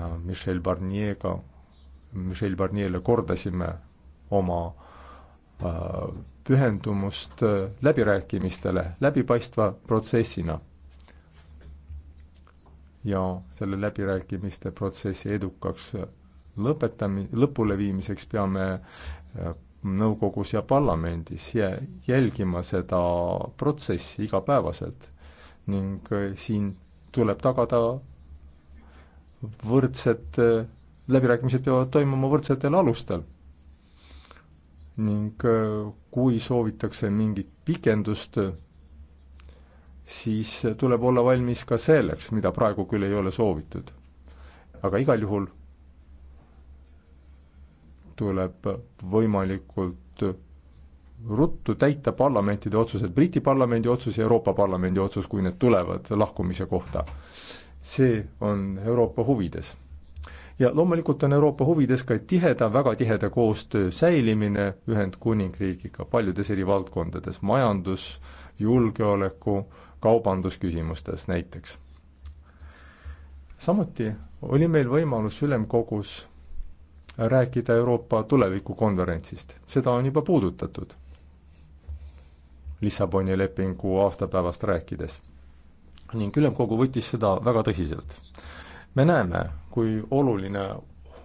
ja Michel Barnier'ga, Michel Barnier'le kordasime oma äh, pühendumust äh, läbirääkimistele läbipaistva protsessina. ja selle läbirääkimiste protsessi edukaks äh, lõpetami-, lõpuleviimiseks peame nõukogus ja parlamendis jä-, jälgima seda protsessi igapäevaselt ning siin tuleb tagada võrdsed, äh, läbirääkimised peavad toimuma võrdsetel alustel. ning äh, kui soovitakse mingit pikendust, siis äh, tuleb olla valmis ka selleks, mida praegu küll ei ole soovitud. aga igal juhul tuleb võimalikult ruttu täita parlamentide otsused, Briti parlamendi otsus ja Euroopa Parlamendi otsus, kui need tulevad lahkumise kohta see on Euroopa huvides. ja loomulikult on Euroopa huvides ka tiheda, väga tiheda koostöö säilimine Ühendkuningriigiga paljudes eri valdkondades, majandus, julgeoleku, kaubandusküsimustes näiteks. samuti oli meil võimalus ülemkogus rääkida Euroopa tulevikukonverentsist, seda on juba puudutatud Lissaboni lepingu aastapäevast rääkides ning ülemkogu võttis seda väga tõsiselt. me näeme, kui oluline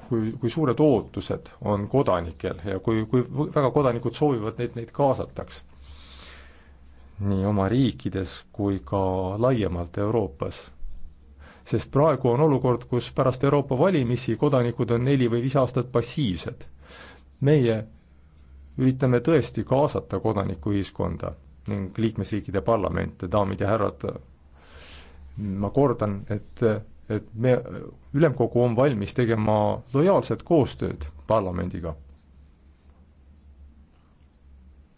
kui, kui suured ootused on kodanikel ja kui, kui väga kodanikud soovivad, et neid kaasataks nii oma riikides kui ka laiemalt Euroopas. sest praegu on olukord, kus pärast Euroopa valimisi kodanikud on neli või viis aastat passiivsed. meie üritame tõesti kaasata kodanikuühiskonda ning liikmesriikide parlamente, daamid ja härrad, ma kordan, et, et me, ülemkogu on valmis tegema lojaalset koostööd parlamendiga.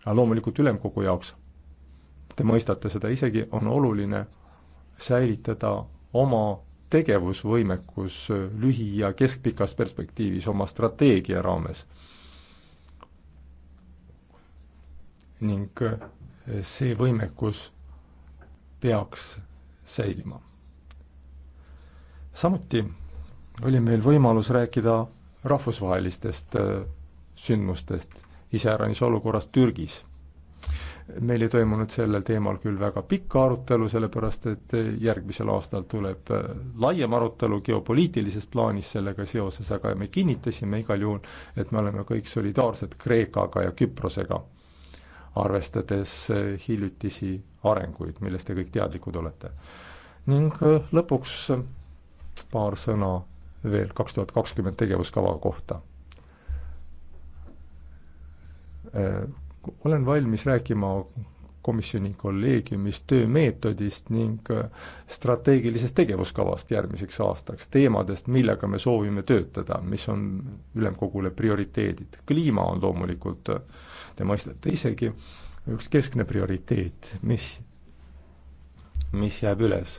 aga loomulikult ülemkogu jaoks, te mõistate seda isegi, on oluline säilitada oma tegevusvõimekus lühi- ja keskpikas perspektiivis oma strateegia raames. ning see võimekus peaks säilima. samuti oli meil võimalus rääkida rahvusvahelistest äh, sündmustest, iseäranis olukorrast Türgis. meil ei toimunud sellel teemal küll väga pikka arutelu, sellepärast et äh, järgmisel aastal tuleb äh, laiem arutelu geopoliitilises plaanis sellega seoses, aga me kinnitasime igal juhul, et me oleme kõik solidaarsed Kreekaga ja Küprosega arvestades eh, hiljutisi arenguid, millest te kõik teadlikud olete. ning eh, lõpuks eh, paar sõna veel kaks tuhat kakskümmend tegevuskava kohta olen valmis rääkima komisjoni kolleegiumis töömeetodist ning äh, strateegilisest tegevuskavast järgmiseks aastaks, teemadest, millega me soovime töötada, mis on ülemkogule prioriteedid. kliima on loomulikult, äh, te mõistate isegi, üks keskne prioriteet, mis, mis jääb üles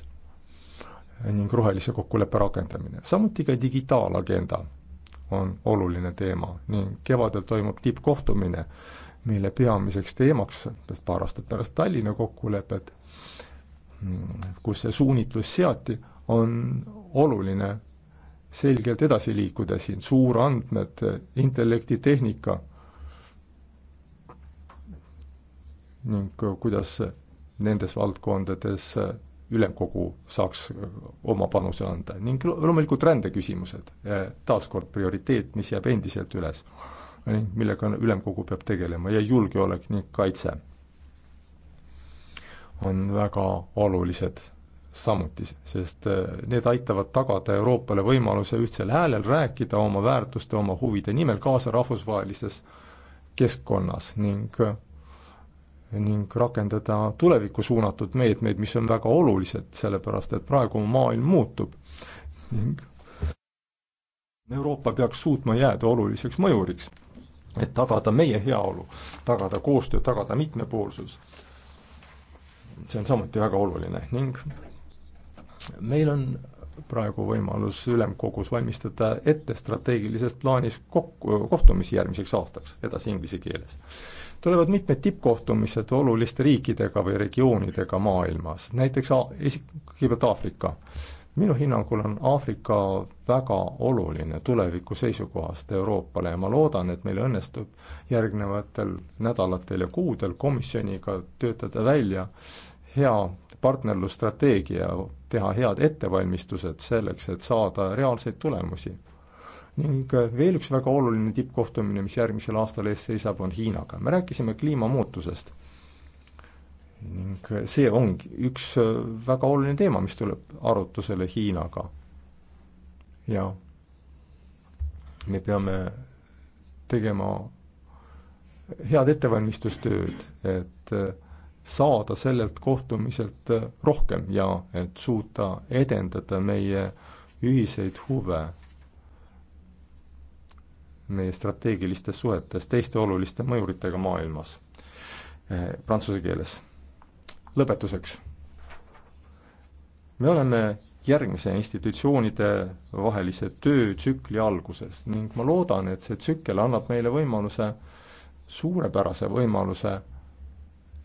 äh, ning rohelise kokkuleppe rakendamine, samuti ka digitaalagenda on oluline teema ning kevadel toimub tippkohtumine mille peamiseks teemaks paar aastat pärast Tallinna kokkulepet, kus see suunitlus seati, on oluline selgelt edasi liikuda siin, suurandmed, intellektitehnika ning kuidas nendes valdkondades ülemkogu saaks oma panuse anda ning loomulikult rändeküsimused, taaskord prioriteet, mis jääb endiselt üles ning millega ülemkogu peab tegelema ja julgeolek ning kaitse on väga olulised samuti, sest äh, need aitavad tagada Euroopale võimaluse ühtsel häälel rääkida oma väärtuste, oma huvide nimel kaasa rahvusvahelises keskkonnas ning äh, ning rakendada tulevikku suunatud meetmeid, mis on väga olulised, sellepärast et praegu maailm muutub ning Euroopa peaks suutma jääda oluliseks mõjuriks et tagada meie heaolu, tagada koostöö, tagada mitmepoolsus. see on samuti väga oluline ning meil on praegu võimalus ülemkogus valmistada ette strateegilises plaanis kokku, kohtumisi järgmiseks aastaks, edasi inglise keeles. tulevad mitmed tippkohtumised oluliste riikidega või regioonidega maailmas, näiteks kõigepealt Aafrika minu hinnangul on Aafrika väga oluline tuleviku seisukohast Euroopale ja ma loodan, et meil õnnestub järgnevatel nädalatel ja kuudel komisjoniga töötada välja hea partnerlusstrateegia, teha head ettevalmistused selleks, et saada reaalseid tulemusi. ning veel üks väga oluline tippkohtumine, mis järgmisel aastal ees seisab, on Hiinaga. me rääkisime kliimamuutusest ning see ongi üks äh, väga oluline teema, mis tuleb arutusele Hiinaga. ja me peame tegema head ettevalmistustööd, et äh, saada sellelt kohtumiselt äh, rohkem ja et suuta edendada meie ühiseid huve meie strateegilistes suhetes teiste oluliste mõjuritega maailmas prantsuse keeles lõpetuseks. me oleme järgmise institutsioonide vahelise töötsükli alguses ning ma loodan, et see tsükkel annab meile võimaluse, suurepärase võimaluse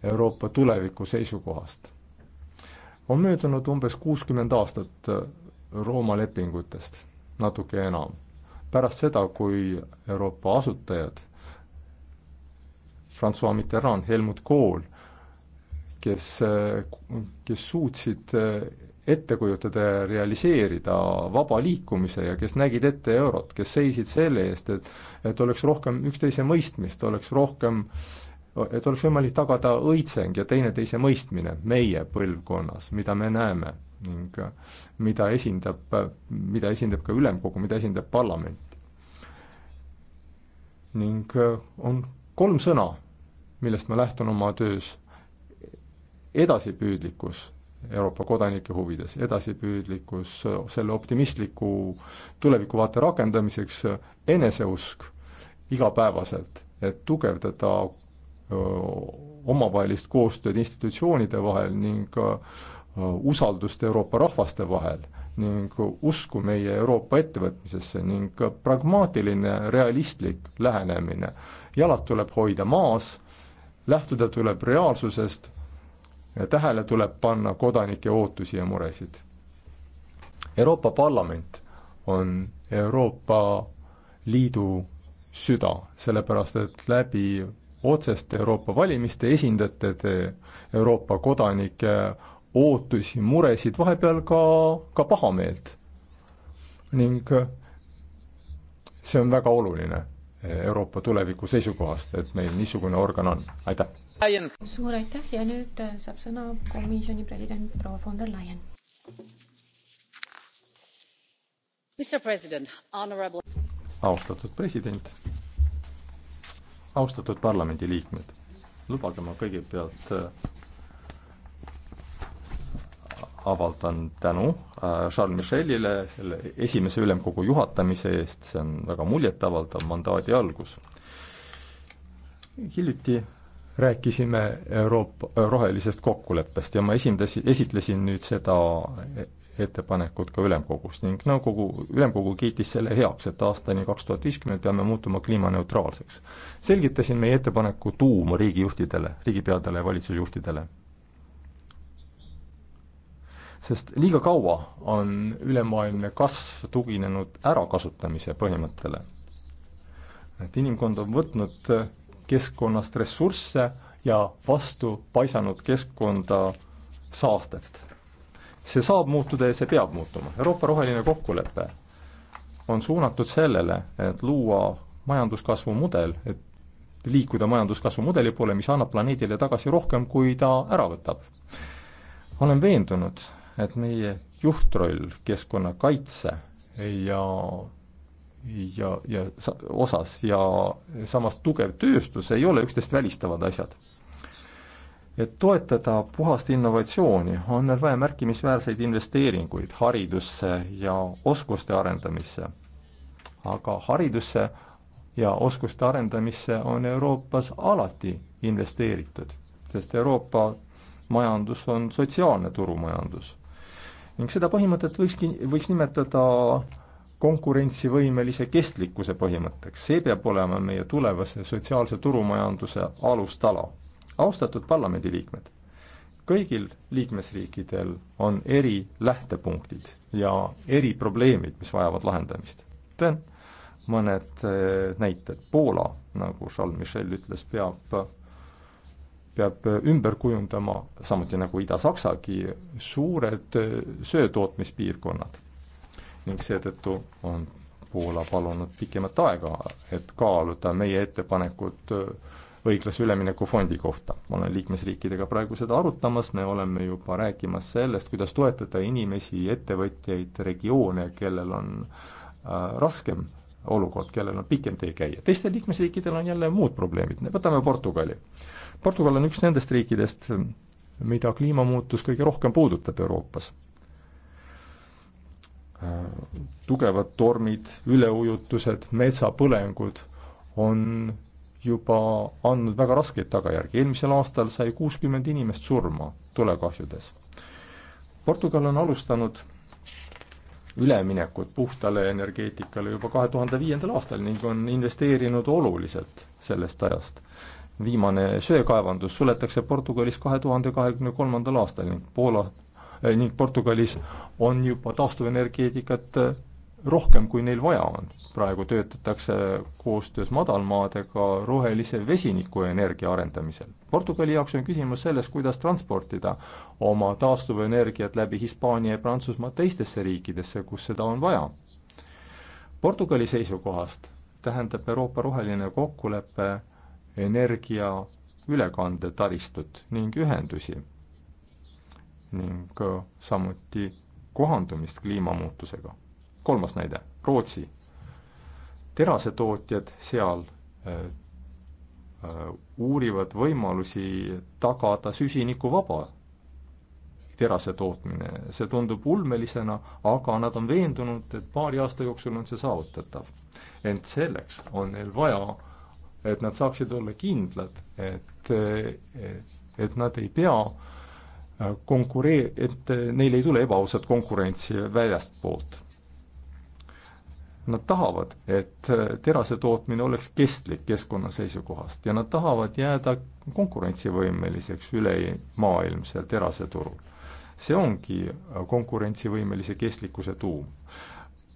Euroopa tuleviku seisukohast. on möödunud umbes kuuskümmend aastat Rooma lepingutest, natuke enam. pärast seda, kui Euroopa asutajad Francois Mitterrand, Helmut Kohl kes, kes suutsid eh, ette kujutada ja realiseerida vaba liikumise ja kes nägid ette eurot, kes seisid selle eest, et et oleks rohkem üksteise mõistmist, oleks rohkem, et oleks võimalik tagada õitseng ja teineteise mõistmine meie põlvkonnas, mida me näeme ning mida esindab, mida esindab ka ülemkogu, mida esindab parlament. ning on kolm sõna, millest ma lähtun oma töös edasipüüdlikkus Euroopa kodanike huvides, edasipüüdlikkus selle optimistliku tulevikuvaate rakendamiseks, eneseusk igapäevaselt, et tugevdada omavahelist koostööd institutsioonide vahel ning usaldust Euroopa rahvaste vahel ning usku meie Euroopa ettevõtmisesse ning pragmaatiline, realistlik lähenemine. jalad tuleb hoida maas, lähtuda tuleb reaalsusest ja tähele tuleb panna kodanike ootusi ja muresid. Euroopa Parlament on Euroopa Liidu süda, sellepärast et läbi otseste Euroopa valimiste esindate te Euroopa kodanike ootusi, muresid, vahepeal ka, ka pahameelt. ning see on väga oluline Euroopa tuleviku seisukohast, et meil niisugune organ on, aitäh! suur aitäh ja nüüd äh, saab sõna komisjoni president proua von der Leyen. Honorable... austatud president, austatud parlamendiliikmed, lubage ma kõigepealt äh, avaldan tänu äh, Charles Michelile selle esimese ülemkogu juhatamise eest, see on väga muljetavaldav mandaadi algus. hiljuti rääkisime Euroopa rohelisest kokkuleppest ja ma esindasin, esitlesin nüüd seda ettepanekut ka ülemkogus ning nõukogu, ülemkogu kiitis selle heaks, et aastani kaks tuhat viiskümmend peame muutuma kliimaneutraalseks. selgitasin meie ettepaneku tuuma riigijuhtidele, riigipeadele ja valitsusjuhtidele. sest liiga kaua on ülemaailmne kasv tuginenud ärakasutamise põhimõttele. et inimkond on võtnud keskkonnast ressursse ja vastu paisanud keskkonda saastet. see saab muutuda ja see peab muutuma. Euroopa roheline kokkulepe on suunatud sellele, et luua majanduskasvu mudel, et liikuda majanduskasvu mudeli poole, mis annab planeedile tagasi rohkem, kui ta ära võtab. olen veendunud, et meie juhtroll keskkonnakaitse ja ja, ja osas ja samas tugev tööstus ei ole üksteist välistavad asjad. et toetada puhast innovatsiooni, on meil vaja märkimisväärseid investeeringuid haridusse ja oskuste arendamisse. aga haridusse ja oskuste arendamisse on Euroopas alati investeeritud, sest Euroopa majandus on sotsiaalne turumajandus. ning seda põhimõtet võikski, võiks nimetada konkurentsivõimelise kestlikkuse põhimõtteks, see peab olema meie tulevase sotsiaalse turumajanduse alustala. austatud parlamendiliikmed, kõigil liikmesriikidel on eri lähtepunktid ja eri probleemid, mis vajavad lahendamist. teen mõned eh, näited, Poola, nagu Charles Michel ütles, peab peab ümber kujundama, samuti nagu Ida-Saksagi, suured eh, söetootmispiirkonnad ning seetõttu on Poola palunud pikemat aega, et kaaluda meie ettepanekut äh, õiglase ülemineku fondi kohta. ma olen liikmesriikidega praegu seda arutamas, me oleme juba rääkimas sellest, kuidas toetada inimesi, ettevõtjaid, regioone, kellel on äh, raskem olukord, kellel on pikem tee käia. teistel liikmesriikidel on jälle muud probleemid, võtame Portugali. Portugal on üks nendest riikidest, mida kliimamuutus kõige rohkem puudutab Euroopas Äh, tugevad tormid, üleujutused, metsapõlengud on juba andnud väga raskeid tagajärgi, eelmisel aastal sai kuuskümmend inimest surma tulekahjudes. Portugal on alustanud üleminekut puhtale energeetikale juba kahe tuhande viiendal aastal ning on investeerinud oluliselt sellest ajast. viimane söekaevandus suletakse Portugalis kahe tuhande kahekümne kolmandal aastal ning Poola Eh, ning Portugalis on juba taastuvenergeetikat eh, rohkem, kui neil vaja on. praegu töötatakse koostöös madalmaadega rohelise vesinikuenergia arendamisel. Portugali jaoks on küsimus selles, kuidas transportida oma taastuvenergiat läbi Hispaania ja Prantsusmaa teistesse riikidesse, kus seda on vaja. Portugali seisukohast tähendab Euroopa roheline kokkulepe energia ülekandetaristut ning ühendusi ning samuti kohandumist kliimamuutusega. kolmas näide, Rootsi. terasetootjad seal äh, äh, uurivad võimalusi tagada süsinikuvaba terase tootmine. see tundub ulmelisena, aga nad on veendunud, et paari aasta jooksul on see saavutatav. ent selleks on neil vaja, et nad saaksid olla kindlad, et, et nad ei pea äh, konkuree-, et neile ei tule ebaausat konkurentsi väljastpoolt. Nad tahavad, et terase tootmine oleks kestlik keskkonna seisukohast ja nad tahavad jääda konkurentsivõimeliseks ülemaailmsel teraseturul. see ongi konkurentsivõimelise kestlikkuse tuum.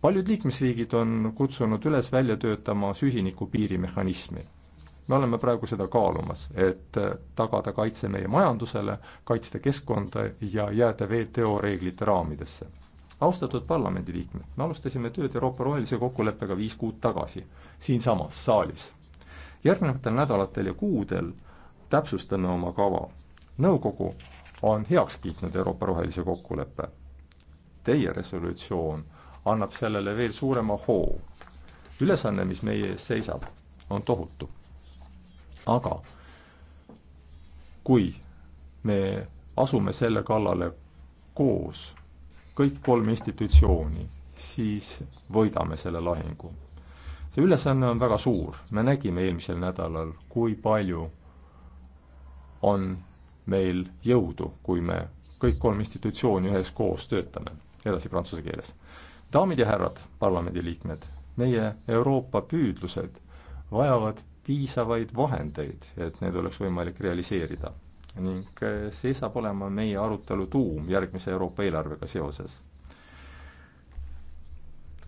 paljud liikmesriigid on kutsunud üles välja töötama süsinikupiiri mehhanismi me oleme praegu seda kaalumas, et äh, tagada kaitse meie majandusele, kaitsta keskkonda ja jääda WTO reeglite raamidesse. austatud parlamendiliikmed, me alustasime tööd Euroopa rohelise kokkuleppega viis kuud tagasi siinsamas saalis. järgnevatel nädalatel ja kuudel täpsustame oma kava. nõukogu on heaks kiitnud Euroopa rohelise kokkuleppe. Teie resolutsioon annab sellele veel suurema hoo. ülesanne, mis meie ees seisab, on tohutu aga kui me asume selle kallale koos, kõik kolm institutsiooni, siis võidame selle lahingu. see ülesanne on väga suur, me nägime eelmisel nädalal, kui palju on meil jõudu, kui me kõik kolm institutsiooni üheskoos töötame, edasi prantsuse keeles. daamid ja härrad, parlamendiliikmed, meie Euroopa püüdlused vajavad piisavaid vahendeid, et need oleks võimalik realiseerida. ning eh, see saab olema meie arutelu tuum järgmise Euroopa eelarvega seoses.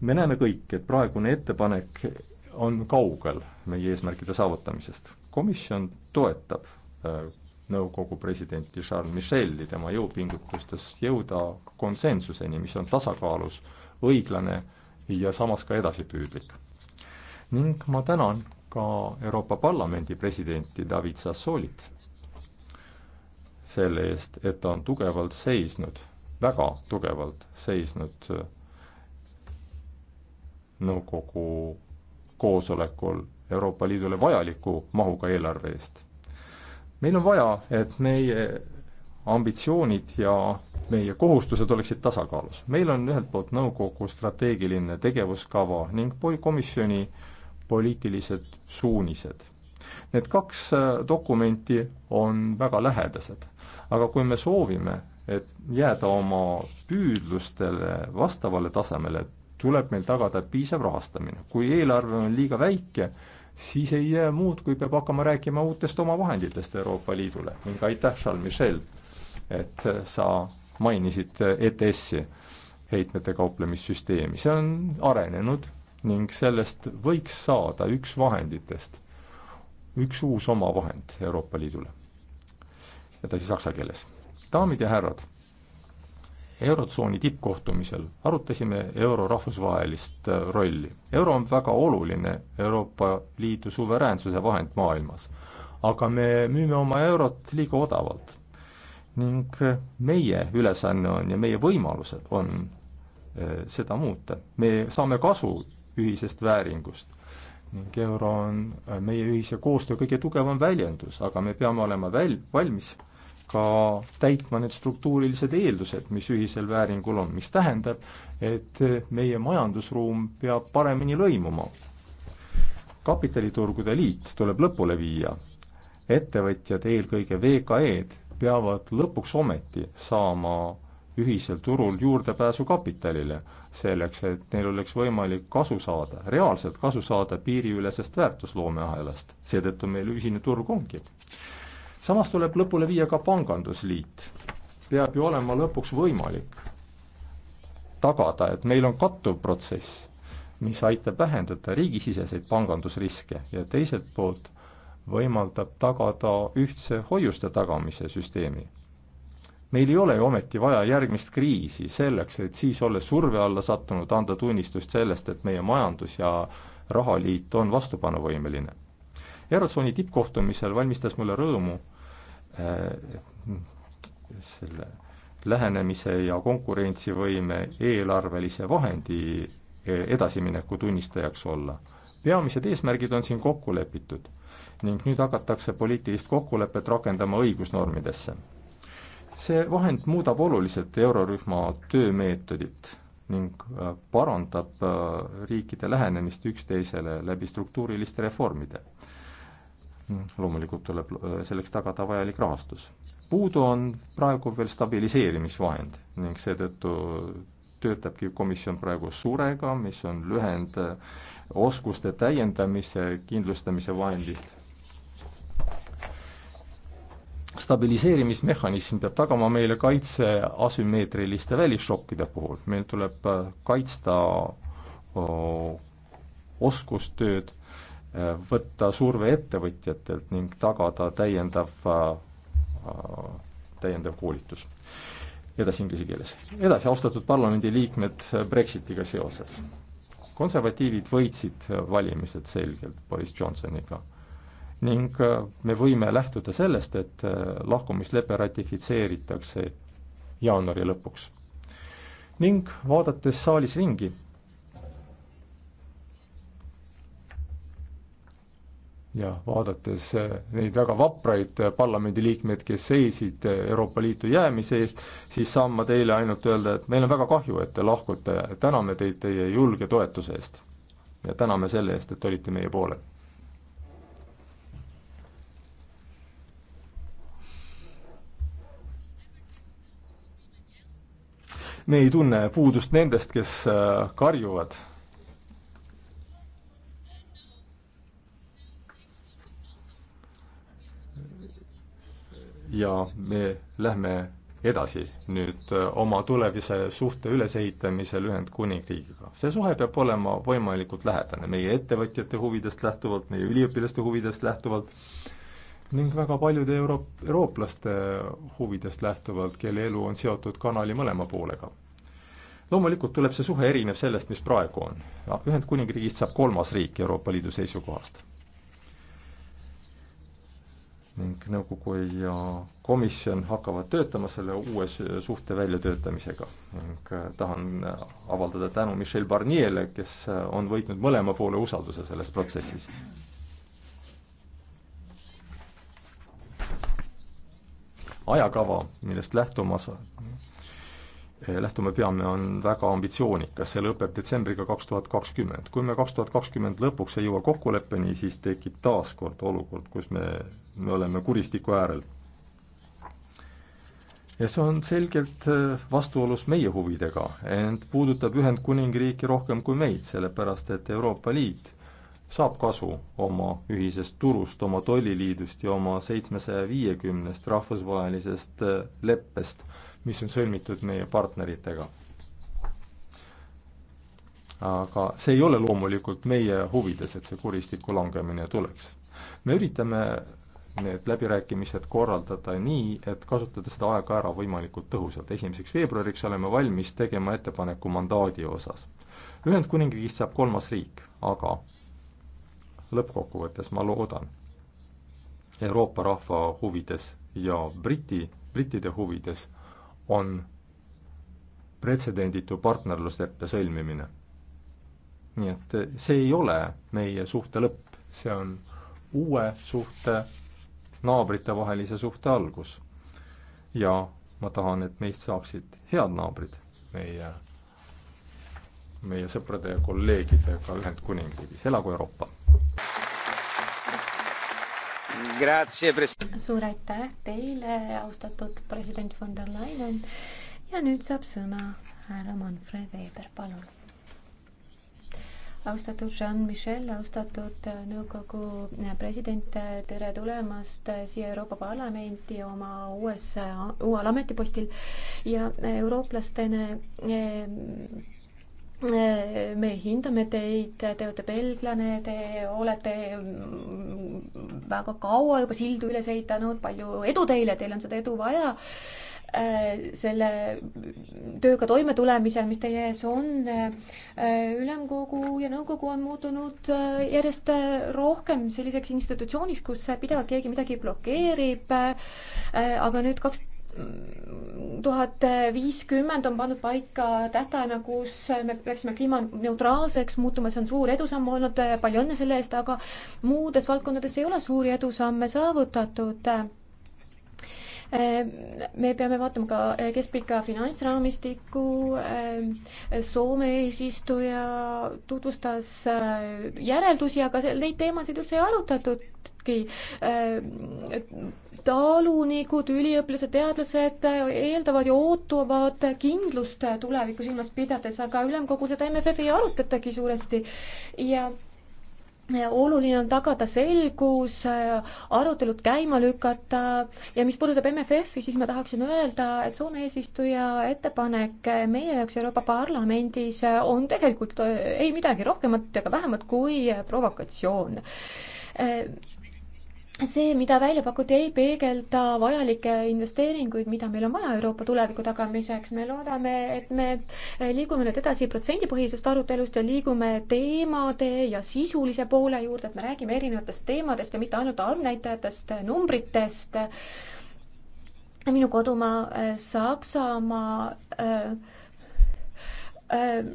me näeme kõik, et praegune ettepanek on kaugel meie eesmärkide saavutamisest. komisjon toetab eh, nõukogu presidenti Charles Michel'i tema jõupingutustes jõuda konsensuseni, mis on tasakaalus, õiglane ja samas ka edasipüüdlik. ning ma tänan ka Euroopa Parlamendi presidenti David Sassoolit selle eest, et ta on tugevalt seisnud, väga tugevalt seisnud nõukogu koosolekul Euroopa Liidule vajaliku mahuga eelarve eest. meil on vaja, et meie ambitsioonid ja meie kohustused oleksid tasakaalus. meil on ühelt poolt nõukogu strateegiline tegevuskava ning komisjoni äh, poliitilised suunised. Need kaks äh, dokumenti on väga lähedased, aga kui me soovime, et jääda oma püüdlustele vastavale tasemele, tuleb meil tagada piisav rahastamine. kui eelarve on liiga väike, siis ei jää muud, kui peab hakkama rääkima uutest omavahenditest Euroopa Liidule ning aitäh, Charles Michel, et äh, sa mainisid äh, ETS-i, heitmete kauplemissüsteemi, see on arenenud ning sellest võiks saada üks vahenditest, üks uus omavahend Euroopa Liidule. edasi saksa keeles. daamid ja härrad, Eurotsooni tippkohtumisel arutasime euro rahvusvahelist äh, rolli. euro on väga oluline Euroopa Liidu suveräänsuse vahend maailmas, aga me müüme oma eurot liiga odavalt. ning äh, meie ülesanne on ja meie võimalused on äh, seda muuta. me saame kasu ühisest vääringust. ning euro on äh, meie ühise koostöö kõige tugevam väljendus, aga me peame olema väl-, valmis ka täitma need struktuurilised eeldused, mis ühisel vääringul on, mis tähendab, et äh, meie majandusruum peab paremini lõimuma. kapitaliturgude liit tuleb lõpule viia, ettevõtjad, eelkõige VKE-d, peavad lõpuks ometi saama ühisel turul juurdepääsu kapitalile, selleks et neil oleks võimalik kasu saada, reaalselt kasu saada piiriülesest väärtusloomeahelast. seetõttu meil ühine turg ongi. samas tuleb lõpule viia ka pangandusliit. peab ju olema lõpuks võimalik tagada, et meil on kattuv protsess, mis aitab vähendada riigisiseseid pangandusriske ja teiselt poolt võimaldab tagada ühtse hoiuste tagamise süsteemi meil ei ole ju ometi vaja järgmist kriisi selleks, et siis, olles surve alla sattunud, anda tunnistust sellest, et meie majandus ja rahaliit on vastupanuvõimeline. Eurotsooni tippkohtumisel valmistas mulle rõõmu äh, selle lähenemise ja konkurentsivõime eelarvelise vahendi e, edasimineku tunnistajaks olla. peamised eesmärgid on siin kokku lepitud ning nüüd hakatakse poliitilist kokkulepet rakendama õigusnormidesse see vahend muudab oluliselt eurorühma töömeetodit ning äh, parandab äh, riikide lähenemist üksteisele läbi struktuuriliste reformide. Hm, loomulikult tuleb äh, selleks tagada vajalik rahastus. puudu on praegu veel stabiliseerimisvahend ning seetõttu töötabki komisjon praegu surega, mis on lühend oskuste täiendamise kindlustamise vahendist stabiliseerimismehhanism peab tagama meile kaitse asümmeetriliste välisšokkide puhul, meil tuleb äh, kaitsta oskustööd, äh, võtta surve ettevõtjatelt ning tagada täiendav, äh, täiendav koolitus. edasi inglise keeles. edasi, austatud parlamendiliikmed, Brexitiga seoses. konservatiivid võitsid valimised selgelt Boris Johnsoniga ning äh, me võime lähtuda sellest, et äh, lahkumislepe ratifitseeritakse jaanuari lõpuks. ning vaadates saalis ringi, ja vaadates äh, neid väga vapraid parlamendiliikmeid, kes seisid Euroopa Liitu jäämise eest, siis saan ma teile ainult öelda, et meil on väga kahju, et te lahkute, täname teid teie julge toetuse eest. ja täname selle eest, et olite meie poolel me ei tunne puudust nendest, kes äh, karjuvad. ja me lähme edasi nüüd äh, oma tulevise suhte ülesehitamisel Ühendkuningriigiga. see suhe peab olema võimalikult lähedane meie ettevõtjate huvidest lähtuvalt, meie üliõpilaste huvidest lähtuvalt ning väga paljude euro-, eurooplaste huvidest lähtuvalt, kelle elu on seotud kanali mõlema poolega. loomulikult tuleb see suhe erinev sellest, mis praegu on. Ah, Ühendkuningriigist saab kolmas riik Euroopa Liidu seisukohast. ning nõukogu ja komisjon hakkavad töötama selle uue suhte väljatöötamisega ning äh, tahan avaldada tänu Michel Barnier'le, kes äh, on võitnud mõlema poole usalduse selles protsessis ajakava, millest lähtumas, eh, lähtuma peame, on väga ambitsioonikas, see lõpeb detsembriga kaks tuhat kakskümmend. kui me kaks tuhat kakskümmend lõpuks ei jõua kokkuleppeni, siis tekib taas kord olukord, kus me, me oleme kuristiku äärel. ja see on selgelt eh, vastuolus meie huvidega, ent puudutab Ühendkuningriiki rohkem kui meid, sellepärast et Euroopa Liit saab kasu oma ühisest turust, oma tolliliidust ja oma seitsmesaja viiekümnest rahvusvahelisest äh, leppest, mis on sõlmitud meie partneritega. aga see ei ole loomulikult meie huvides, et see kuristiku langemine tuleks. me üritame need läbirääkimised korraldada nii, et kasutada seda aega ära võimalikult tõhusalt. esimeseks veebruariks oleme valmis tegema ettepaneku mandaadi osas. Ühendkuningriigist saab kolmas riik, aga lõppkokkuvõttes ma loodan Euroopa rahva huvides ja Briti, brittide huvides on pretsedenditu partnerlusleppe sõlmimine. nii et see ei ole meie suhte lõpp, see on uue suhte, naabritevahelise suhte algus. ja ma tahan, et meist saaksid head naabrid meie meie sõprade ja kolleegidega Ühendkuningriigis, elagu Euroopa! suur aitäh teile, austatud president von der Leyen ja nüüd saab sõna härra Manfred Weber, palun. austatud Jean-Michel, austatud nõukogu president, tere tulemast siia Euroopa Parlamenti oma uues, uuel ametipostil ja eurooplastena eh, me hindame teid, te olete belglane, te olete väga kaua juba sildu üles ehitanud, palju edu teile, teil on seda edu vaja äh, selle tööga toimetulemisel, mis teie ees on. Äh, ülemkogu ja nõukogu on muutunud äh, järjest rohkem selliseks institutsiooniks, kus pidevalt keegi midagi blokeerib. aga nüüd kaks tuhat viiskümmend on pandud paika tähtajana, kus me peaksime kliimaneutraalseks muutuma, see on suur edusamm olnud, palju õnne selle eest, aga muudes valdkondades ei ole suuri edusamme saavutatud. me peame vaatama ka keskpika finantsraamistiku, Soome eesistuja tutvustas järeldusi, aga neid teemasid üldse ei arutatud muudkui äh, talunikud, üliõpilased, teadlased äh, eeldavad ja ootavad kindlust äh, tulevikku silmas pidades, aga ülemkogul seda MFF-i ei arutatagi suuresti ja oluline on tagada selgus, arutelud käima lükata ja mis puudutab MFF-i, siis ma tahaksin öelda, et Soome eesistuja ettepanek meie jaoks Euroopa Parlamendis on tegelikult ei midagi rohkemat ega vähemat kui provokatsioon see, mida välja pakuti, ei peegelda vajalikke investeeringuid, mida meil on vaja Euroopa tuleviku tagamiseks. me loodame, et me liigume nüüd edasi protsendipõhisest arutelust ja liigume teemade ja sisulise poole juurde, et me räägime erinevatest teemadest ja mitte ainult arvnäitajatest, numbritest. minu kodumaa äh, Saksamaa äh, äh,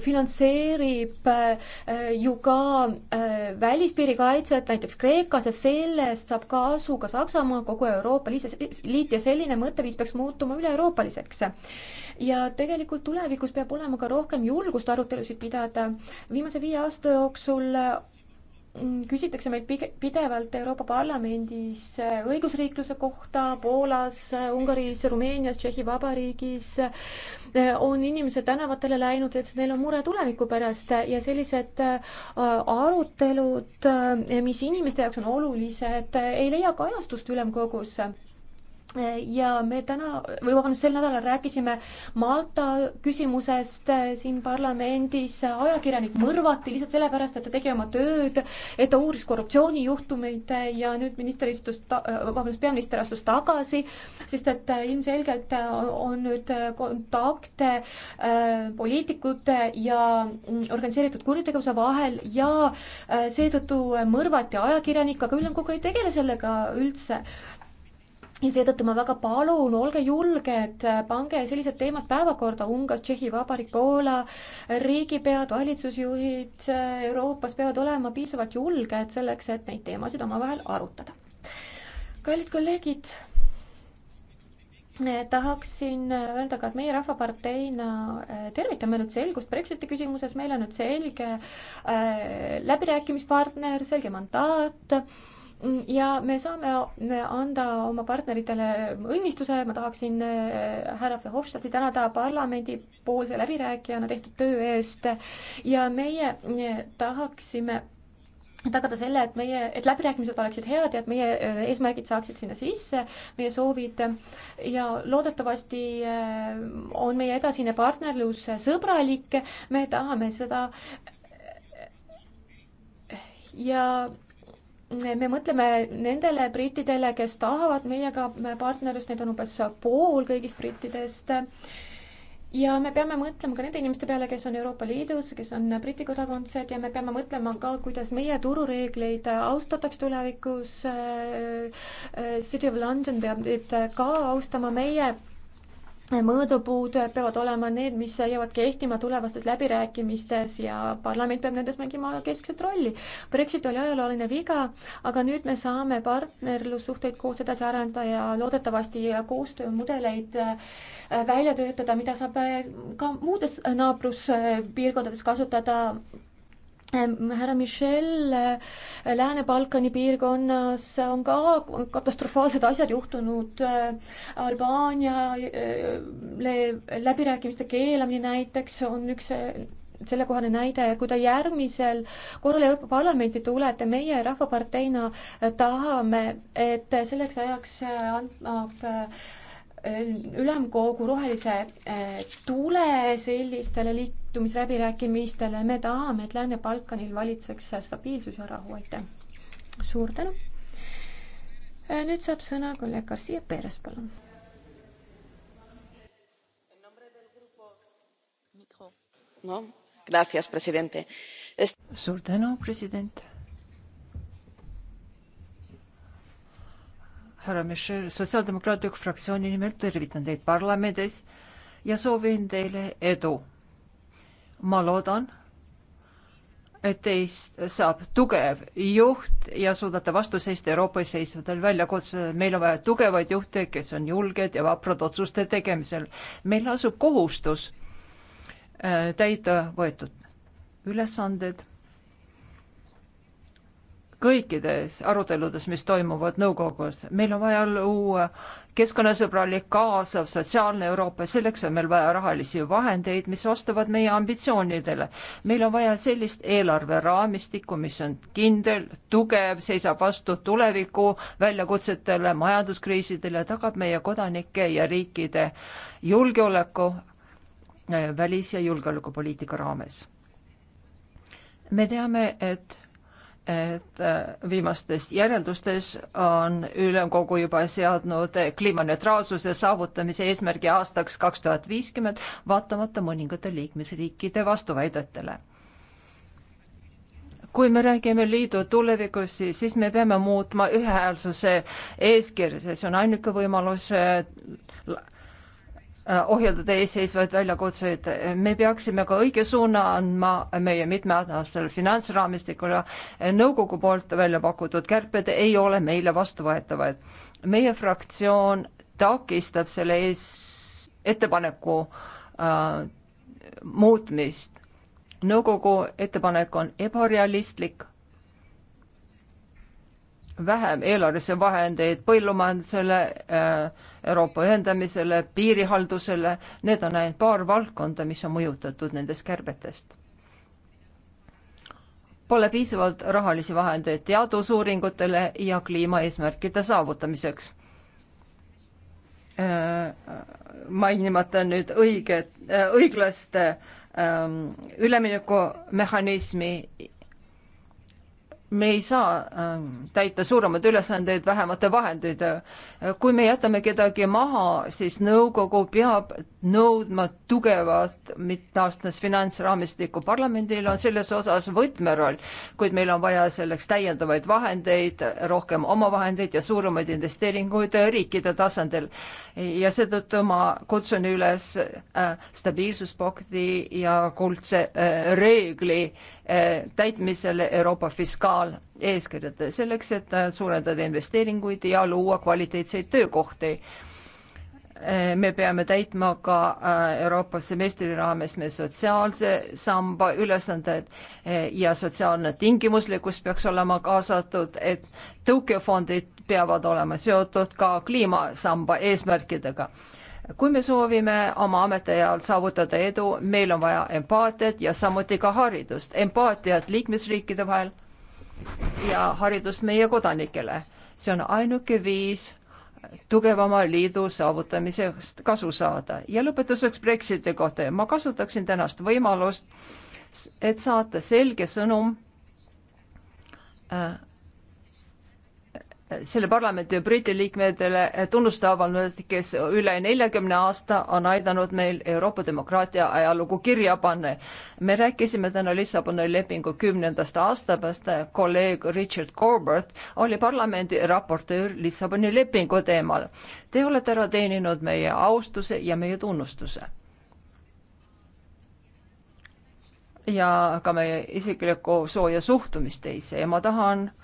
finantseerib äh, ju ka äh, välispiiri kaitset näiteks Kreekas ja sellest saab kasu ka Saksamaa, kogu Euroopa Liit ja selline mõtteviis peaks muutuma üle-euroopaliseks. ja tegelikult tulevikus peab olema ka rohkem julgust arutelusid pidada. viimase viie aasta jooksul küsitakse meilt pidevalt Euroopa Parlamendis äh, õigusriikluse kohta Poolas, äh, Ungaris, Rumeenias, Tšehhi Vabariigis äh, on inimesed tänavatele läinud, et neil on mure tuleviku pärast ja sellised arutelud, mis inimeste jaoks on olulised, ei leia kajastust ülemkogus ka ja me täna või vabandust, sel nädalal rääkisime Malta küsimusest eh, siin parlamendis, ajakirjanik mõrvati lihtsalt sellepärast, et ta tegi oma tööd, et ta uuris korruptsioonijuhtumeid eh, ja nüüd minister istus, eh, vabandust, peaminister astus tagasi, sest et ilmselgelt on nüüd kontakte äh, poliitikute ja mm, organiseeritud kuritegevuse vahel ja äh, seetõttu mõrvati ajakirjanik, aga ülemkogu ei tegele sellega üldse ja seetõttu ma väga palun, olge julged, pange sellised teemad päevakorda, Ungas, Tšehhi Vabariik, Poola, riigipead, valitsusjuhid Euroopas peavad olema piisavalt julged selleks, et neid teemasid omavahel arutada. kallid kolleegid, tahaksin öelda ka, et meie Rahvaparteina eh, tervitame nüüd selgust Brexiti küsimuses, meil on nüüd selge eh, läbirääkimispartner, selge mandaat ja me saame me anda oma partneritele õnnistuse, ma tahaksin eh, härra Verhofstadti tänada parlamendi poolse läbirääkijana tehtud töö eest ja meie eh, tahaksime tagada selle, et meie, et läbirääkimised oleksid head ja et meie eh, eesmärgid saaksid sinna sisse, meie soovid ja loodetavasti on meie edasine partnerlus sõbralik, me tahame seda ja me mõtleme nendele brittidele, kes tahavad meiega partnerlust, neid on umbes pool kõigist brittidest. ja me peame mõtlema ka nende inimeste peale, kes on Euroopa Liidus, kes on Briti kodakondsed ja me peame mõtlema ka, kuidas meie turureegleid austatakse tulevikus. Äh, äh, City of London peab neid ka austama, meie mõõdupuud peavad olema need, mis jäävad kehtima tulevastes läbirääkimistes ja parlament peab nendes mängima keskset rolli. Brexit oli ajalooline viga, aga nüüd me saame partnerlussuhteid koos edasi arendada ja loodetavasti koostöömudeleid äh, välja töötada, mida saab äh, ka muudes naabruspiirkondades kasutada härra Michel, äh, Lääne-Balkani piirkonnas on ka katastrofaalsed asjad juhtunud. Äh, Albaaniale äh, läbirääkimiste keelamine näiteks on üks sellekohane näide, kui te järgmisel korral Euroopa Parlamenti tulete, meie Rahvaparteina tahame, et selleks ajaks annab äh, ülemkogu rohelise eh, tule sellistele liitumisläbirääkimistele, me tahame, et Lääne-Balkanil valitseks stabiilsus ja rahu, aitäh. suur tänu. Eh, nüüd saab sõna kolleeg Garcia Perez, palun. suur tänu, president härra Michel, Sotsiaaldemokraatliku fraktsiooni nimel tervitan teid parlamendis ja soovin teile edu. ma loodan, et teist saab tugev juht ja suudate vastu seista Euroopa seisvatel väljakutsedel. meil on vaja tugevaid juhte, kes on julged ja vaprad otsuste tegemisel. meil asub kohustus äh, täita võetud ülesanded kõikides aruteludes, mis toimuvad nõukogus. meil on vaja luua keskkonnasõbralik, kaasav, sotsiaalne Euroopa, selleks on meil vaja rahalisi vahendeid, mis vastavad meie ambitsioonidele. meil on vaja sellist eelarveraamistikku, mis on kindel, tugev, seisab vastu tuleviku väljakutsetele, majanduskriisidele, tagab meie kodanike ja riikide julgeoleku äh, välis- ja julgeolekupoliitika raames. me teame, et et äh, viimastes järeldustes on ülemkogu juba seadnud kliimaneutraalsuse saavutamise eesmärgi aastaks kaks tuhat viiskümmend, vaatamata mõningate liikmesriikide vastuväidetele. kui me räägime liidu tulevikust, siis me peame muutma ühehäälsuse eeskirja, see on ainuke võimalus äh, Äh, ohjeldada eesseisvaid väljakutseid. me peaksime ka õige suuna andma meie mitmeaastasele finantsraamistikule. nõukogu poolt välja pakutud kärped ei ole meile vastuvõetavad. meie fraktsioon takistab selle ees ettepaneku äh, muutmist. nõukogu ettepanek on ebarealistlik vähem eelarvesse vahendeid põllumajandusele, äh, Euroopa ühendamisele, piirihaldusele, need on ainult paar valdkonda, mis on mõjutatud nendest kärbetest. Pole piisavalt rahalisi vahendeid teadusuuringutele ja kliimaeesmärkide saavutamiseks. Äh, mainimata nüüd õiget, õiglaste ähm, üleminekumehhanismi me ei saa ähm, täita suuremaid ülesandeid vähemate vahenditega. kui me jätame kedagi maha, siis nõukogu peab nõudma tugevat mitteaastast finantsraamistikku. parlamendil on selles osas võtmeroll, kuid meil on vaja selleks täiendavaid vahendeid, rohkem omavahendeid ja suuremaid investeeringuid riikide tasandil. ja seetõttu ma kutsun üles äh, stabiilsuspakti ja kuldse äh, reegli äh, täitmisele Euroopa fiskaal- sotsiaaleeskirjad selleks, et äh, suurendada investeeringuid ja luua kvaliteetseid töökohti äh, me peame täitma ka äh, Euroopa semestri raames meie sotsiaalse samba ülesanded ja sotsiaalne tingimuslikkus peaks olema kaasatud, et tõukefondid peavad olema seotud ka kliimasamba eesmärkidega. kui me soovime oma ametiajal saavutada edu, meil on vaja empaatiat ja samuti ka haridust, empaatiat liikmesriikide vahel ja haridust meie kodanikele. see on ainuke viis tugevama liidu saavutamisest kasu saada. ja lõpetuseks Brexiti kohta ja ma kasutaksin tänast võimalust, et saata selge sõnum äh, selle parlamendi ja Briti liikmetele tunnuste avaldamist, kes üle neljakümne aasta on aidanud meil Euroopa demokraatia ajalugu kirja panna. me rääkisime täna Lissaboni lepingu kümnendast aastapäevast, kolleeg Richard Corbett oli parlamendi raportöör Lissaboni lepingu teemal. Te olete ära teeninud meie austuse ja meie tunnustuse ja ka meie isiklikku sooja suhtumist teise ja ma tahan äh,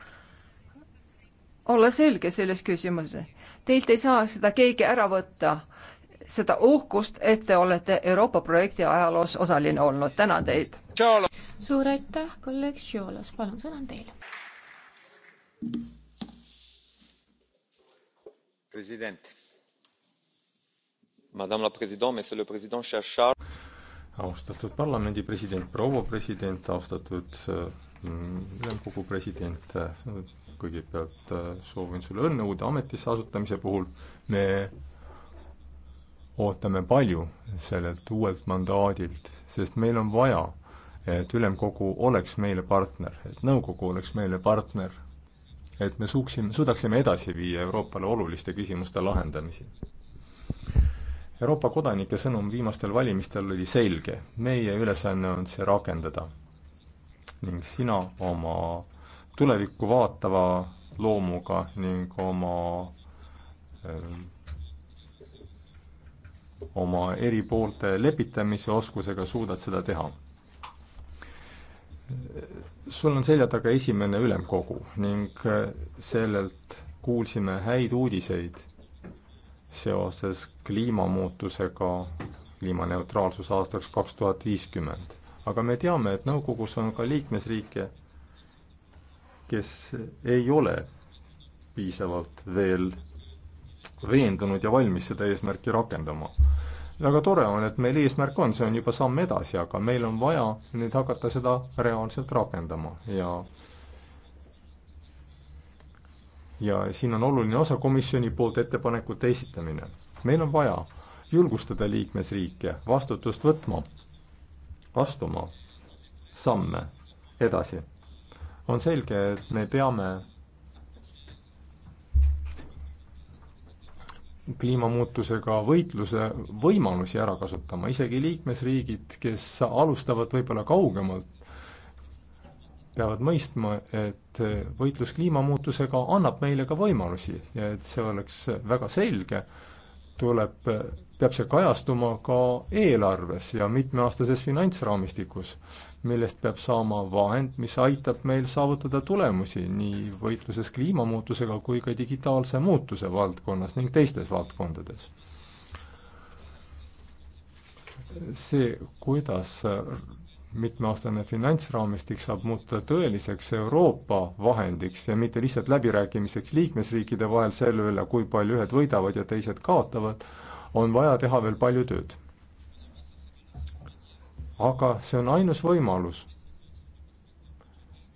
olla selge selles küsimuses. Teilt ei saa seda keegi ära võtta, seda uhkust, et te olete Euroopa projekti ajaloos osaline olnud. tänan teid. suur aitäh, kolleeg Šiolos, palun, sõna on teil. president. Madame la president, monsieur le president, cher Charles. austatud parlamendi president, proua president, austatud äh, ülemkogu president, äh, kõigepealt äh, soovin sulle õnne uude ametisse asutamise puhul. me ootame palju sellelt uuelt mandaadilt, sest meil on vaja, et ülemkogu oleks meile partner, et nõukogu oleks meile partner, et me suuksime, suudaksime edasi viia Euroopale oluliste küsimuste lahendamisi. Euroopa kodanike sõnum viimastel valimistel oli selge, meie ülesanne on see rakendada. ning sina oma tulevikku vaatava loomuga ning oma ähm, oma eri poolte lepitamise oskusega suudad seda teha. sul on selja taga esimene ülemkogu ning äh, sellelt kuulsime häid uudiseid seoses kliimamuutusega, kliimaneutraalsus aastaks kaks tuhat viiskümmend. aga me teame, et nõukogus on ka liikmesriike, kes ei ole piisavalt veel veendunud ja valmis seda eesmärki rakendama. väga tore on, et meil eesmärk on, see on juba samm edasi, aga meil on vaja nüüd hakata seda reaalselt rakendama ja ja siin on oluline osa komisjoni poolt ettepanekute esitamine. meil on vaja julgustada liikmesriike vastutust võtma, astuma samme edasi on selge, et me peame kliimamuutusega võitluse võimalusi ära kasutama, isegi liikmesriigid, kes alustavad võib-olla kaugemalt, peavad mõistma, et võitlus kliimamuutusega annab meile ka võimalusi ja et see oleks väga selge, tuleb peab see kajastuma ka eelarves ja mitmeaastases finantsraamistikus, millest peab saama vahend, mis aitab meil saavutada tulemusi nii võitluses kliimamuutusega kui ka digitaalse muutuse valdkonnas ning teistes valdkondades. see, kuidas mitmeaastane finantsraamistik saab muutuda tõeliseks Euroopa vahendiks ja mitte lihtsalt läbirääkimiseks liikmesriikide vahel selle üle, kui palju ühed võidavad ja teised kaotavad, on vaja teha veel palju tööd. aga see on ainus võimalus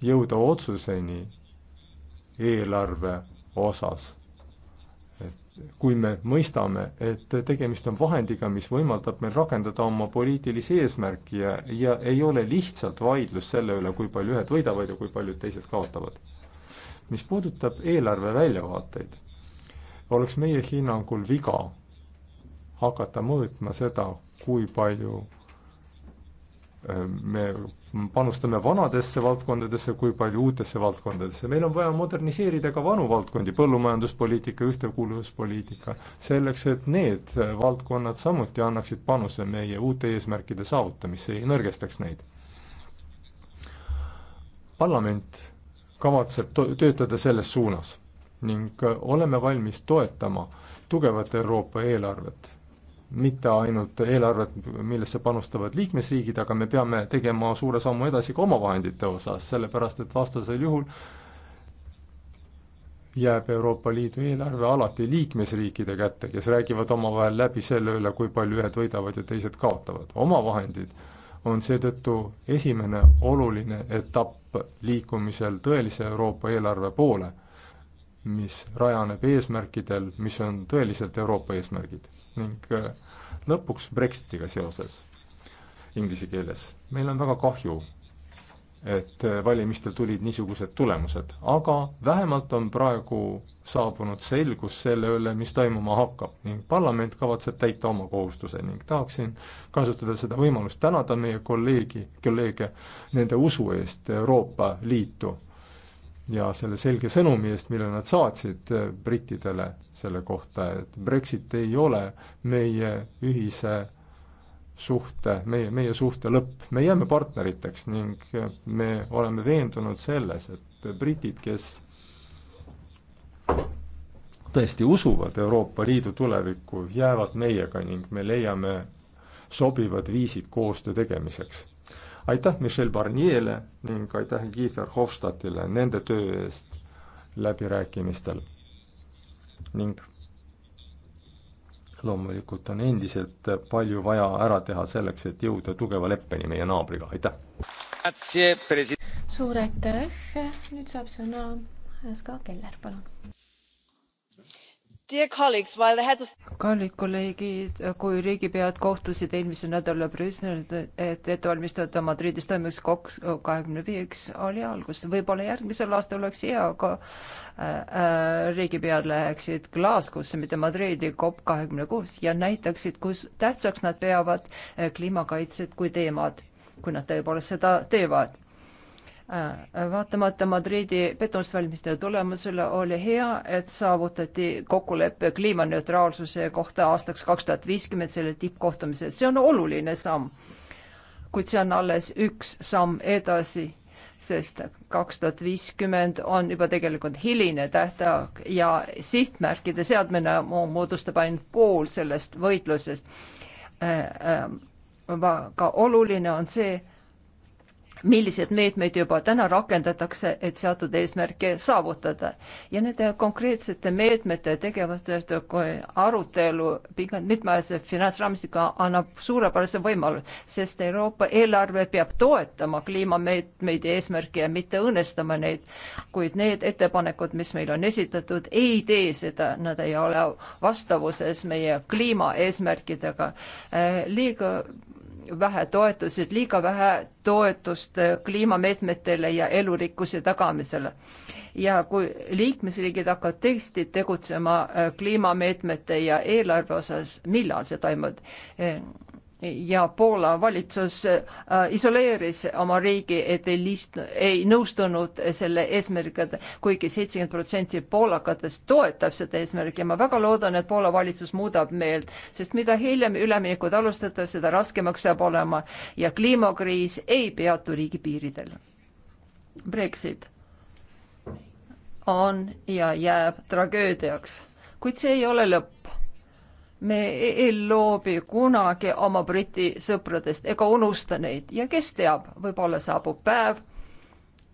jõuda otsuseni eelarve osas. et kui me mõistame, et tegemist on vahendiga, mis võimaldab meil rakendada oma poliitilisi eesmärki ja, ja ei ole lihtsalt vaidlus selle üle, kui palju ühed võidavad ja kui paljud teised kaotavad. mis puudutab eelarve väljavaateid, oleks meie hinnangul viga hakata mõõtma seda, kui palju äh, me panustame vanadesse valdkondadesse, kui palju uutesse valdkondadesse. meil on vaja moderniseerida ka vanu valdkondi, põllumajanduspoliitika, ühtekuuluvuspoliitika, selleks et need valdkonnad samuti annaksid panuse meie uute eesmärkide saavutamisse, ei nõrgestaks neid. parlament kavatseb töötada selles suunas ning oleme valmis toetama tugevat Euroopa eelarvet mitte ainult eelarvet, millesse panustavad liikmesriigid, aga me peame tegema suure sammu edasi ka omavahendite osas, sellepärast et vastasel juhul jääb Euroopa Liidu eelarve alati liikmesriikide kätte, kes räägivad omavahel läbi selle üle, kui palju ühed võidavad ja teised kaotavad. omavahendid on seetõttu esimene oluline etapp liikumisel tõelise Euroopa eelarve poole mis rajaneb eesmärkidel, mis on tõeliselt Euroopa eesmärgid. ning äh, lõpuks Brexitiga seoses inglise keeles. meil on väga kahju, et äh, valimistel tulid niisugused tulemused, aga vähemalt on praegu saabunud selgus selle üle, mis toimuma hakkab ning parlament kavatseb täita oma kohustuse ning tahaksin kasutada seda võimalust tänada meie kolleegi, kolleege nende usu eest Euroopa Liitu ja selle selge sõnumi eest, mille nad saatsid eh, brittidele selle kohta, et Brexit ei ole meie ühise suhte, meie, meie suhte lõpp, me jääme partneriteks ning eh, me oleme veendunud selles, et britid, kes tõesti usuvad Euroopa Liidu tulevikku, jäävad meiega ning me leiame sobivad viisid koostöö tegemiseks aitäh Michel Barnier'le ning aitäh Guy Verhofstadtile nende töö eest läbirääkimistel. ning loomulikult on endiselt palju vaja ära teha selleks, et jõuda tugeva leppeni meie naabriga, aitäh! suur aitäh, nüüd saab sõna SK Keller, palun kallid kolleegid, kui riigipead kohtusid eelmisel nädalal Brüsselis, et ette valmistada Madridis toimuks koks kahekümne viieks, oli algus. võib-olla järgmisel aastal oleks hea, aga äh, äh riigipead läheksid Glasgow'sse, mitte Madridi COP kahekümne kuus ja näitaksid, kus tähtsaks nad peavad äh, kliimakaitset kui teemat, kui nad tõepoolest seda teevad Äh, vaatamata Madridi pettumusvalimiste tulemusele oli hea, et saavutati kokkulepe kliimaneutraalsuse kohta aastaks kaks tuhat viiskümmend sellel tippkohtumisel, see on oluline samm. kuid see on alles üks samm edasi, sest kaks tuhat viiskümmend on juba tegelikult hiline tähtaeg ja sihtmärkide seadmine moodustab ainult pool sellest võitlusest. väga äh, äh, oluline on see, milliseid meetmeid juba täna rakendatakse, et seatud eesmärke saavutada. ja nende konkreetsete meetmete tegevuste arutelu pikalt mitmeajalise finantsraamistikuga annab suurepärase võimaluse, sest Euroopa eelarve peab toetama kliimameetmeid ja eesmärke ja mitte õõnestama neid. kuid need ettepanekud, mis meil on esitatud, ei tee seda, nad ei ole vastavuses meie kliimaeesmärkidega. liiga vähe toetusid, liiga vähe toetust kliimameetmetele ja elurikkuse tagamisele. ja kui liikmesriigid hakkavad tõesti tegutsema äh, kliimameetmete ja eelarve osas, millal see toimub? ja Poola valitsus äh, isoleeris oma riigi, et ei liist-, ei nõustunud selle eesmärgiga, kuigi seitsekümmend protsenti poolakatest toetab seda eesmärki ja ma väga loodan, et Poola valitsus muudab meelt, sest mida hiljem üleminekud alustada, seda raskemaks saab olema ja kliimakriis ei peatu riigi piiridel. Brexit on ja jääb tragöödiaks, kuid see ei ole lõpp me ei loobi kunagi oma Briti sõpradest ega unusta neid ja kes teab, võib-olla saabub päev,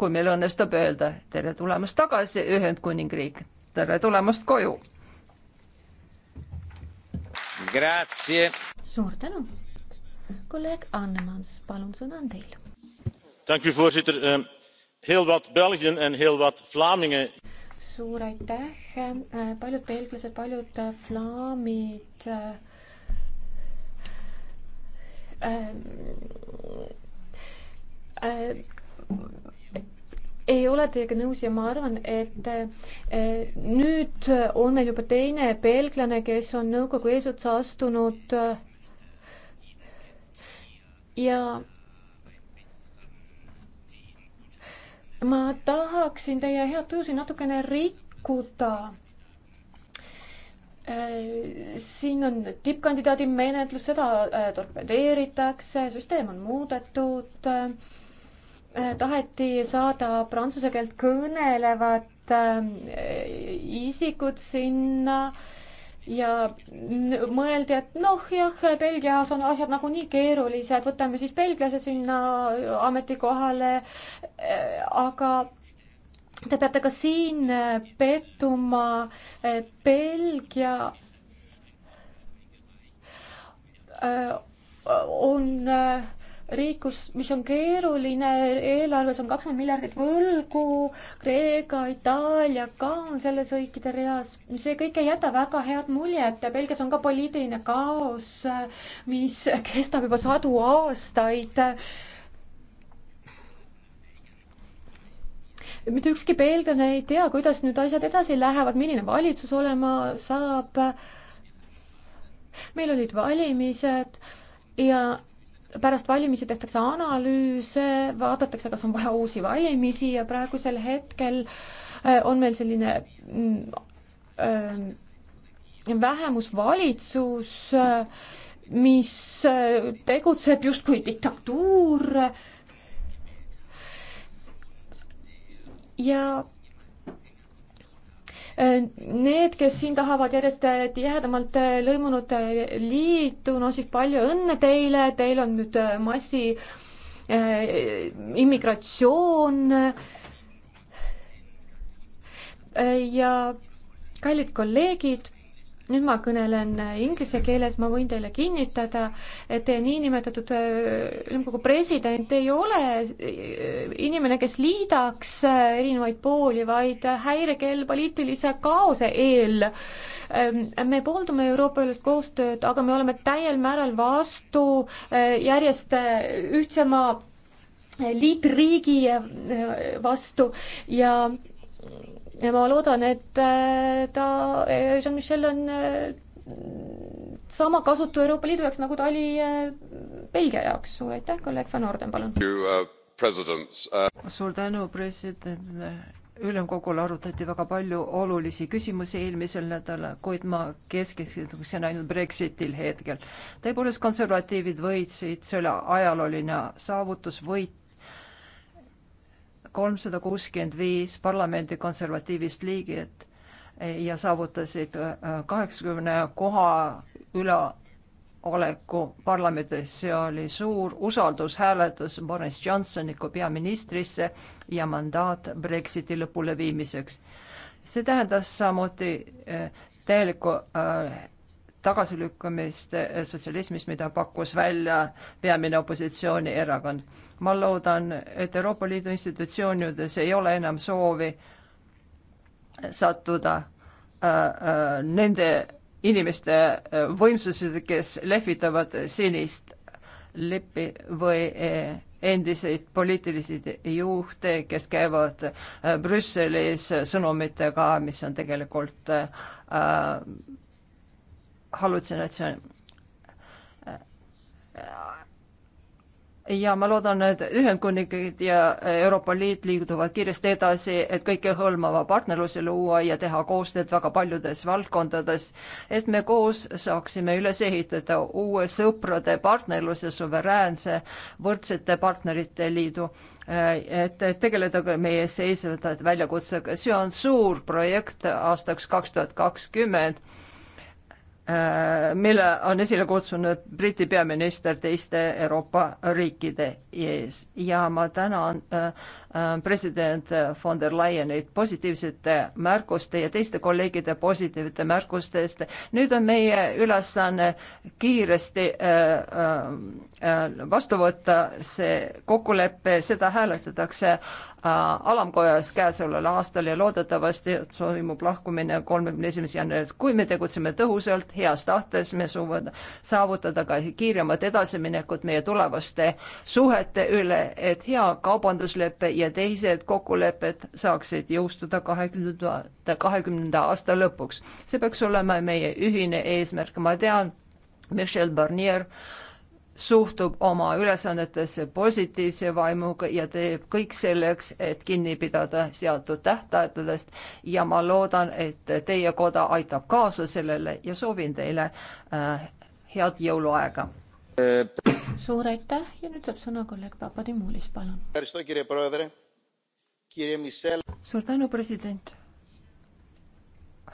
kui meil õnnestub öelda tere tulemast tagasi, Ühendkuningriik, tere tulemast koju. suur tänu. kolleeg Annemans, palun, sõna on teil. voorzitter, ehm, heel wat Belgian en heel wat Vlamingen suur aitäh, äh, paljud belglased, paljud äh, flaamid äh, äh, äh, ei ole teiega nõus ja ma arvan, et äh, nüüd on meil juba teine belglane, kes on nõukogu eesotsa astunud ja ma tahaksin teie head tujusid natukene rikkuda. Äh, siin on tippkandidaadi menetlus, seda äh, torpedeeritakse, süsteem on muudetud. Äh, taheti saada prantsuse keelt kõnelevat isikut sinna ja mõeldi, et noh, jah, Belgias on asjad nagunii keerulised, võtame siis belglase sinna ametikohale, aga te peate ka siin äh, pettuma, äh, Belgia äh, on äh, riik, kus, mis on keeruline, eelarves on kakskümmend miljardit võlgu, Kreeka, Itaalia ka on selles õigete reas, see kõik ei jäta väga head muljet, Belgias on ka poliitiline kaos, mis kestab juba sadu aastaid mitte ükski belglane ei tea, kuidas nüüd asjad edasi lähevad, milline valitsus olema saab. meil olid valimised ja pärast valimisi tehtakse analüüse, vaadatakse, kas on vaja uusi valimisi ja praegusel hetkel äh, on meil selline mm, äh, vähemusvalitsus, äh, mis tegutseb justkui diktatuur ja Need, kes siin tahavad järjest äh, tihedamalt äh, lõimunud äh, liitu, no siis palju õnne teile, teil on nüüd massi immigratsioon ja kallid kolleegid nüüd ma kõnelen inglise keeles, ma võin teile kinnitada, et teie niinimetatud äh, ülemkogu president ei ole äh, inimene, kes liidaks äh, erinevaid pooli, vaid häirekell poliitilise kaose eel. Ähm, me pooldume Euroopa üldist koostööd, aga me oleme täiel määral vastu järjest ühtsema liitriigi vastu ja ja ma loodan, et äh, ta, äh, Jean-Michel on äh, sama kasutu Euroopa Liidu jaoks, nagu ta oli Belgia jaoks. suur aitäh, kolleeg Van Orden, palun. Uh, uh, suur tänu, president ülemkogul arutati väga palju olulisi küsimusi eelmisel nädalal, kuid ma keskenduksin ainult Brexitil hetkel. tõepoolest, konservatiivid võitsid, see oli ajalooline saavutus, võit kolmsada kuuskümmend viis parlamendi konservatiivist liiget eh, ja saavutasid eh, kaheksakümne koha üleoleku parlamendis. see oli suur usaldushääletus Boris Johnsoni kui peaministrisse ja mandaat Brexiti lõpuleviimiseks. see tähendas samuti eh, täielikku äh, tagasilükkamist eh, sotsialismis, mida pakkus välja peamine opositsioonierakond. ma loodan, et Euroopa Liidu institutsioonides ei ole enam soovi sattuda äh, äh, nende inimeste võimsused, kes lehvitavad sinist lippi või endiseid poliitilisi juhte, kes käivad Brüsselis sõnumitega, mis on tegelikult äh, hallutsinatsioon. ja ma loodan, et Ühendkuningriigid ja Euroopa Liit liiguvad kiiresti edasi, et kõikehõlmava partnerluse luua ja teha koostööd väga paljudes valdkondades, et me koos saaksime üles ehitada uue sõprade partnerluse, suveräänse võrdsete partnerite liidu, et tegeleda ka meie seisvate väljakutsega, see on suur projekt aastaks kaks tuhat kakskümmend Äh, mille on esile kutsunud Briti peaminister teiste Euroopa riikide ees ja ma tänan äh, äh, president von der Leyenit positiivsete märkuste ja teiste kolleegide positiivsete märkuste eest. nüüd on meie ülesanne kiiresti vastu võtta see kokkulepe, seda hääletatakse alamkojas käesoleval aastal ja loodetavasti toimub lahkumine kolmekümne esimesel jaanuaril, kui me tegutseme tõhusalt, heas tahtes me suudame saavutada ka kiiremat edasiminekut meie tulevaste suhete üle, et hea kaubanduslepe ja teised kokkulepped saaksid jõustuda kahekümnenda, kahekümnenda aasta lõpuks. see peaks olema meie ühine eesmärk, ma tean, Michel Barnier suhtub oma ülesannetesse positiivse vaimuga ja teeb kõik selleks, et kinni pidada seatud tähtaegadest ja ma loodan, et teie koda aitab kaasa sellele ja soovin teile äh, head jõuluaega. suur aitäh ja nüüd saab sõna kolleeg Papadimulis, palun. suur tänu, president.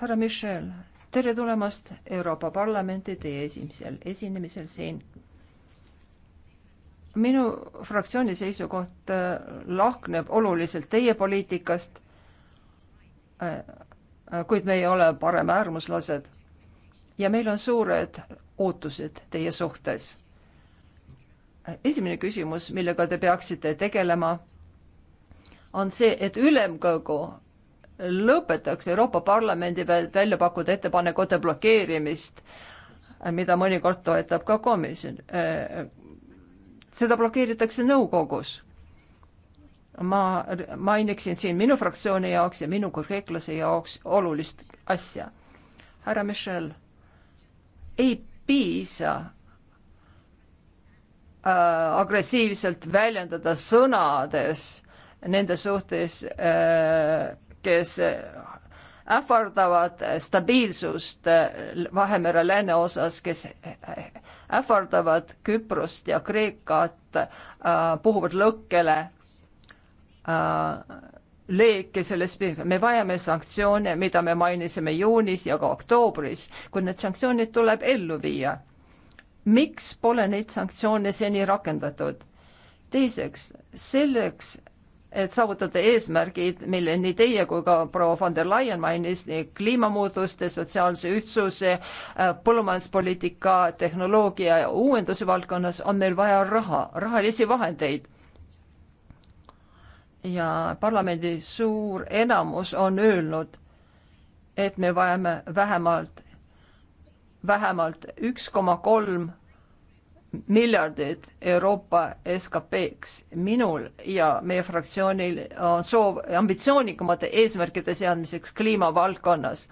härra Michel, tere tulemast Euroopa Parlamenti teie esimesel esinemisel siin minu fraktsiooni seisukoht äh, lahkneb oluliselt teie poliitikast, äh, äh, kuid me ei ole paremäärmuslased ja meil on suured ootused teie suhtes. esimene küsimus, millega te peaksite tegelema, on see, et ülemkogu lõpetaks Euroopa Parlamendi pealt välja pakkuda ettepanekute blokeerimist, mida mõnikord toetab ka komisjon seda blokeeritakse nõukogus. ma mainiksin siin minu fraktsiooni jaoks ja minu kui kreeklase jaoks olulist asja. härra Michel, ei piisa äh, agressiivselt väljendada sõnades nende suhtes äh,, kes ähvardavad stabiilsust Vahemere lääneosas, kes ähvardavad Küprost ja Kreekat, äh, puhuvad lõkkele äh, leeke selles piirkonnas, me vajame sanktsioone, mida me mainisime juunis ja ka oktoobris, kui need sanktsioonid tuleb ellu viia. miks pole neid sanktsioone seni rakendatud? teiseks, selleks, et saavutada eesmärgid, mille nii teie kui ka proua von der Leyen mainis, nii kliimamuutuste, sotsiaalse ühtsuse, äh, põllumajanduspoliitika, tehnoloogia ja uuenduse valdkonnas on meil vaja raha, rahalisi vahendeid. ja parlamendi suur enamus on öelnud, et me vajame vähemalt, vähemalt üks koma kolm miljardit Euroopa SKP-ks. minul ja meie fraktsioonil on soov ambitsioonikamate eesmärkide seadmiseks kliimavaldkonnas.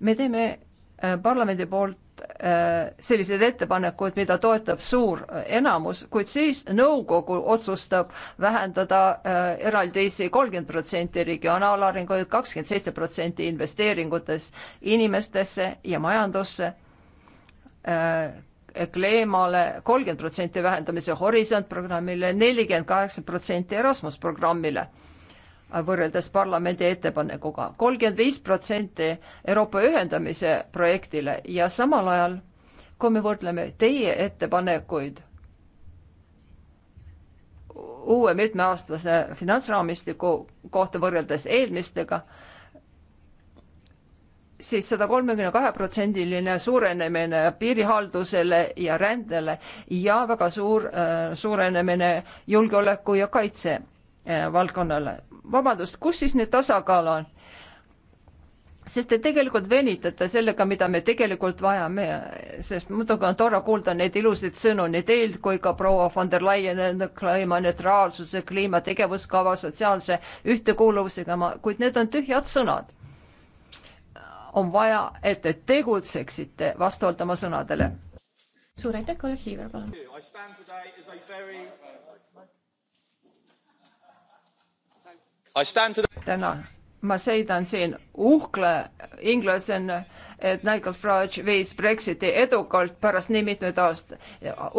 me teeme äh, parlamendi poolt äh, sellised ettepanekud, mida toetab suur enamus, kuid siis nõukogu otsustab vähendada äh, eraldisi kolmkümmend protsenti regionaalarenguid, kakskümmend seitse protsenti investeeringutes inimestesse ja majandusse Kleemale, kolmkümmend protsenti vähendamise Horisont programmile, nelikümmend kaheksa protsenti Erasmus programmile võrreldes parlamendi ettepanekuga, kolmkümmend viis protsenti Euroopa ühendamise projektile ja samal ajal, kui me võrdleme teie ettepanekuid uue mitmeaastase finantsraamistiku kohta võrreldes eelmistega, siis sada kolmekümne kahe protsendiline suurenemine piirihaldusele ja rändele ja väga suur äh, suurenemine julgeoleku ja kaitse äh, valdkonnale. vabandust, kus siis nüüd tasakaal on? sest te tegelikult venitate sellega, mida me tegelikult vajame, sest muidugi on tore kuulda neid ilusaid sõnu nii teilt kui ka proua von der Leyen kliimaneutraalsuse, kliima tegevuskava, sotsiaalse ühtekuuluvusega, kuid need on tühjad sõnad on vaja, et te tegutseksite vastavalt oma sõnadele. suur aitäh, kolleeg Hiiver, palun. tänan, ma seidan siin uhkla inglasena et Nigel Farage viis Brexiti edukalt pärast nii mitmeid aastaid.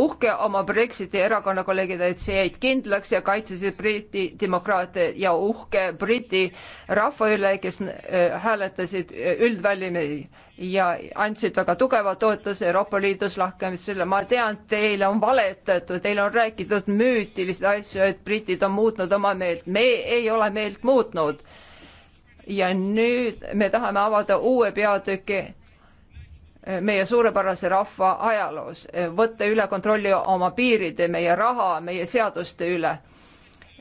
uhke oma Brexiti erakonna kolleegid, et see jäid kindlaks ja kaitsesid Briti demokraatia ja uhke Briti rahva üle, kes äh, hääletasid äh, üldvälimi ja andsid väga tugeva toetuse Euroopa Liidus lahkamisele. ma tean, teile on valetatud, teile on räägitud müütilisi asju, et britid on muutnud oma meelt. me ei ole meelt muutnud ja nüüd me tahame avada uue peatüki eh, meie suurepärase rahva ajaloos, eh, võtta üle kontrolli oma piiride, meie raha, meie seaduste üle,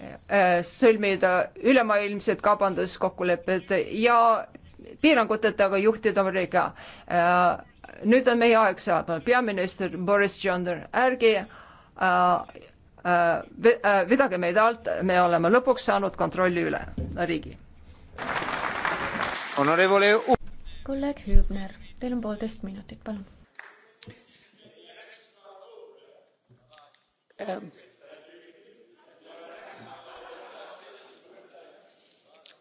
eh, sõlmida ülemaailmsed kaubanduskokkulepped ja piiranguteta ka juhtida Ameerika. nüüd on meie aeg saabunud, peaminister Boris Johnson, ärge äh, äh, vedage meid alt, me oleme lõpuks saanud kontrolli üle riigi Honorevole... kolleeg Hübner, teil on poolteist minutit, palun ähm..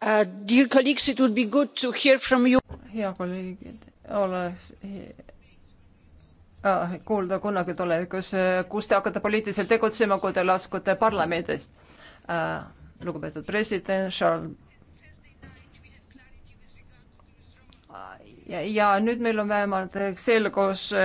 Uh, dear colleagues, it would be good to hear from you. hea kolleegid, oleks ah, kuulda kunagi tulevikus, kus te hakkate poliitiliselt tegutsema, kui te laskute parlamendist uh,. lugupeetud president Charles ja nüüd meil on vähemalt selgus äh,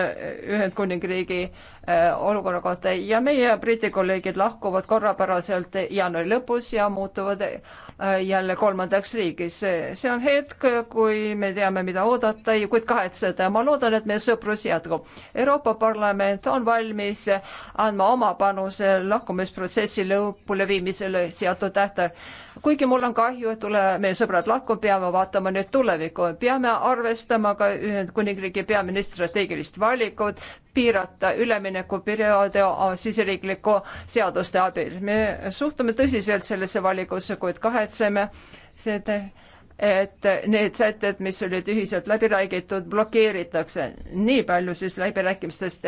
Ühendkuningriigi Äh, olukorra kohta ja meie Briti kolleegid lahkuvad korrapäraselt jaanuari lõpus ja muutuvad äh, jälle kolmandaks riigis. see on hetk, kui me teame, mida oodata, kuid kahetseda ja ma loodan, et meie sõprus jätkub. Euroopa Parlament on valmis andma oma panuse lahkumisprotsessi lõpuleviimisele seatud tähtaeg. kuigi mul on kahju, et tule, meie sõbrad lahkuvad, peame vaatama nüüd tulevikku, peame arvestama ka Ühendkuningriigi peaministri strateegilist valikut, piirata üleminekut üleminekuperioodi siseriikliku seaduste abil. me suhtume tõsiselt sellesse valikusse, kuid kahetseme seda, et need sätted, mis olid ühiselt läbi räägitud, blokeeritakse. nii palju siis läbirääkimistest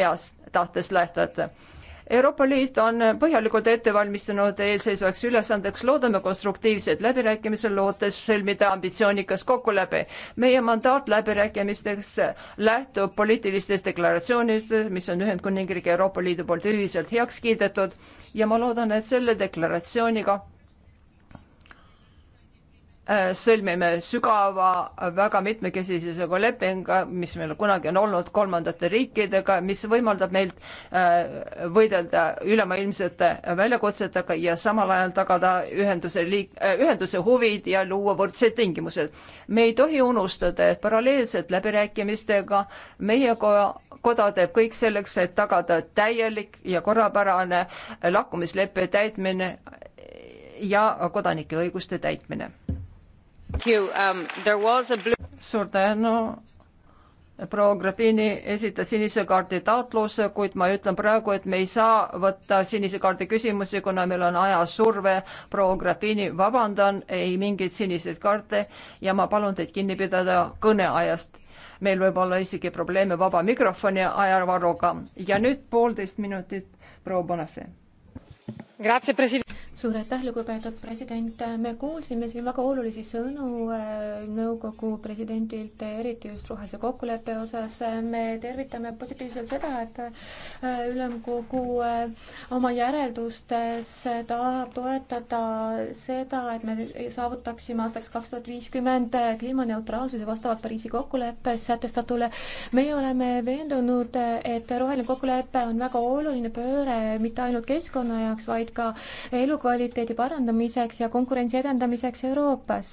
heast tahtest lähtuvalt Euroopa Liit on põhjalikult ette valmistunud eelseisvaks ülesandeks, loodame konstruktiivseid läbirääkimisi, lootes sõlmida ambitsioonikas kokkulepe. meie mandaat läbirääkimisteks lähtub poliitilistest deklaratsioonidest, mis on Ühendkuningriigi Euroopa Liidu poolt ühiselt heaks kiidetud ja ma loodan, et selle deklaratsiooniga Äh, sõlmime sügava, äh, väga mitmekesisega lepinga, mis meil kunagi on olnud kolmandate riikidega, mis võimaldab meil äh, võidelda ülemaailmsete väljakutsetega ja samal ajal tagada ühenduse liik-, ühenduse huvid ja luua võrdsed tingimused. me ei tohi unustada, et paralleelselt läbirääkimistega meie koja, koda teeb kõik selleks, et tagada täielik ja korrapärane lakkumisleppe täitmine ja kodanike õiguste täitmine Um, suur tänu. proua Grabini esitas sinise kaardi taotluse, kuid ma ütlen praegu, et me ei saa võtta sinise kaardi küsimusi, kuna meil on ajasurve. proua Grabini, vabandan, ei mingeid siniseid kaarte ja ma palun teid kinni pidada kõneajast. meil võib olla isegi probleeme vaba mikrofoni ajavaruga ja nüüd poolteist minutit proua Bonafé suur aitäh, lugupeetud president, me kuulsime siin väga olulisi sõnu äh, nõukogu presidendilt, eriti just rohelise kokkuleppe osas. me tervitame positiivselt seda, et äh, ülemkogu äh, oma järeldustes tahab toetada seda, et me saavutaksime aastaks kaks tuhat viiskümmend kliimaneutraalsuse vastavalt Pariisi kokkuleppes sätestatule. meie oleme veendunud, et roheline kokkulepe on väga oluline pööre mitte ainult keskkonna jaoks, vaid ka elukonna elukvaliteedi parandamiseks ja konkurentsi edendamiseks Euroopas.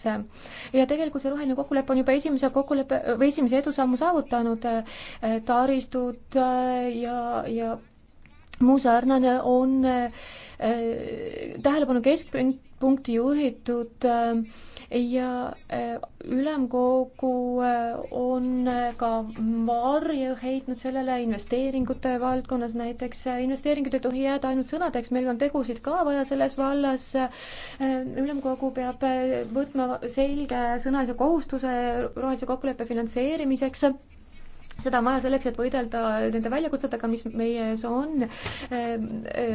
ja tegelikult see roheline kokkulepe on juba esimese kokkuleppe või esimese edusammu saavutanud, taristud äh, ja, ja muu sarnane on äh, tähelepanu keskpunkti juhitud äh, ja äh, ülemkogu äh, on äh, ka varju heitnud sellele investeeringute valdkonnas näiteks, investeeringud ei tohi jääda ainult sõnadeks, meil on tegusid ka vaja selles vallas, ülemkogu peab võtma selge sõnalise kohustuse rohelise kokkuleppe finantseerimiseks seda on vaja selleks, et võidelda nende väljakutsetega, mis meie ees on. Ehm,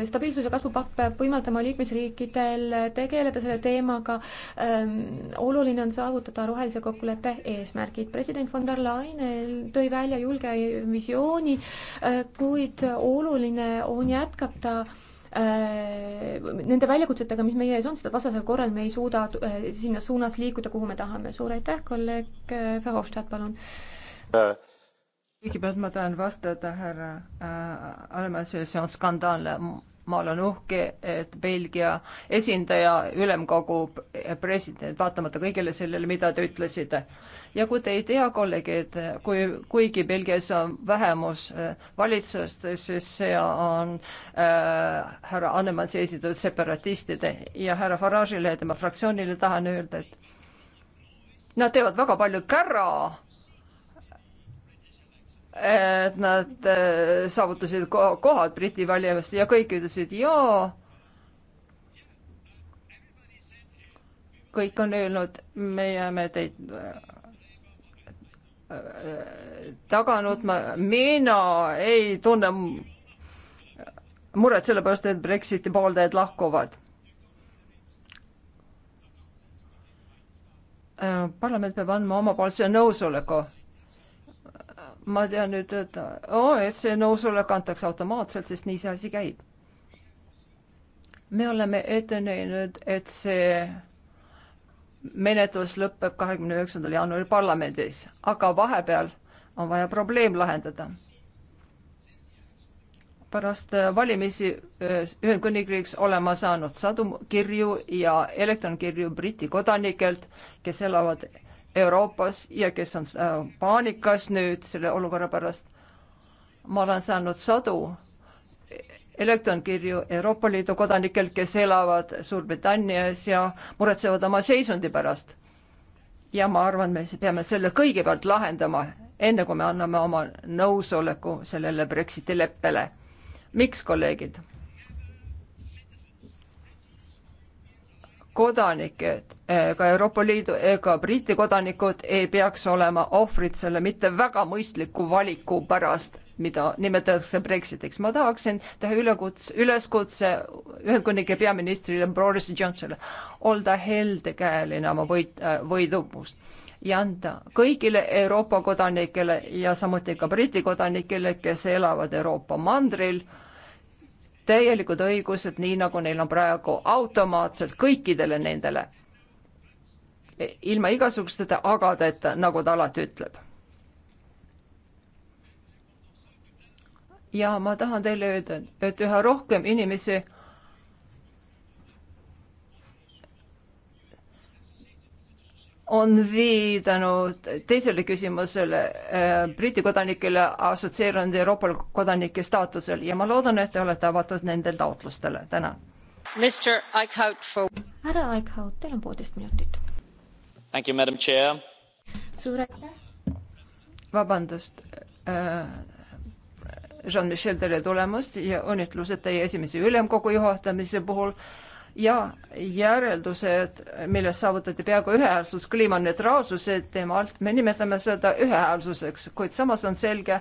stabiilsuse kasvupakt peab võimaldama liikmesriikidel tegeleda selle teemaga. Ehm, oluline on saavutada rohelise kokkuleppe eesmärgid. president von der Leyen tõi välja julge visiooni, ehm, kuid oluline on jätkata nende väljakutsetega, mis meie ees on, seda vastasel korral me ei suuda sinna suunas liikuda, kuhu me tahame. suur aitäh, kolleeg Verhofstadt, palun äh kõigepealt ma tahan vastada härra äh, Almasele, see on skandaalne. ma olen uhke, et Belgia esindaja, ülemkogu president, vaatamata kõigele sellele, mida te ütlesite. ja kui te ei tea, kolleegid, kui, kuigi Belgias on vähemus äh, valitsust, siis see on äh, härra Annemansi esitatud separatistide ja härra Farage'ile ja tema fraktsioonile tahan öelda, et nad teevad väga palju kära et nad eh, saavutasid kohad Briti valijameeste ja kõik ütlesid jaa. kõik on öelnud, me jääme teid eh, taganud, mina ei tunne muret selle pärast, et Brexiti pooldajad lahkuvad. Eh, parlament peab andma omapoolse nõusoleku ma tean nüüd, et oh, et see nõusolek antakse automaatselt, sest nii see asi käib. me oleme ette näinud, et see menetlus lõpeb kahekümne üheksandal jaanuaril parlamendis, aga vahepeal on vaja probleem lahendada pärast valimisi Ühendkuningriigiks olema saanud sadu kirju ja elektronkirju Briti kodanikelt, kes elavad Euroopas ja kes on äh, paanikas nüüd selle olukorra pärast. ma olen saanud sadu elektronkirju Euroopa Liidu kodanikel, kes elavad Suurbritannias ja muretsevad oma seisundi pärast. ja ma arvan, me peame selle kõigepealt lahendama, enne kui me anname oma nõusoleku sellele Brexiti leppele. miks, kolleegid? kodanikud, eh, ka Euroopa Liidu ega eh, Briti kodanikud ei peaks olema ohvrid selle mitte väga mõistliku valiku pärast, mida nimetatakse Brexitiks. ma tahaksin teha ülekutse, üleskutse Ühendkuningriigi peaministrile Boris Johnsonile olda heldekäeline oma võit, eh, võidupust ja anda kõigile Euroopa kodanikele ja samuti ka Briti kodanikele, kes elavad Euroopa mandril äh, täielikud õigused, nii nagu neil on praegu automaatselt kõikidele nendele, ilma igasugusteta agadeta, nagu ta alati ütleb. ja ma tahan teile öelda, et üha rohkem inimesi on viidanud teisele küsimusele äh,, Briti kodanikele assotsieerunud Euroopa kodanike staatusel ja ma loodan, et te olete avatud nendel taotlustele, tänan. härra Eichhout, teil on poolteist minutit. suur aitäh. vabandust äh,. Jean-Michel, tere tulemast ja õnnitlused teie esimese ülemkogu juhatamise puhul ja järeldused, milles saavutati peaaegu ühehäälsus kliimaneutraalsuse teemalt, me nimetame seda ühehäälsuseks, kuid samas on selge,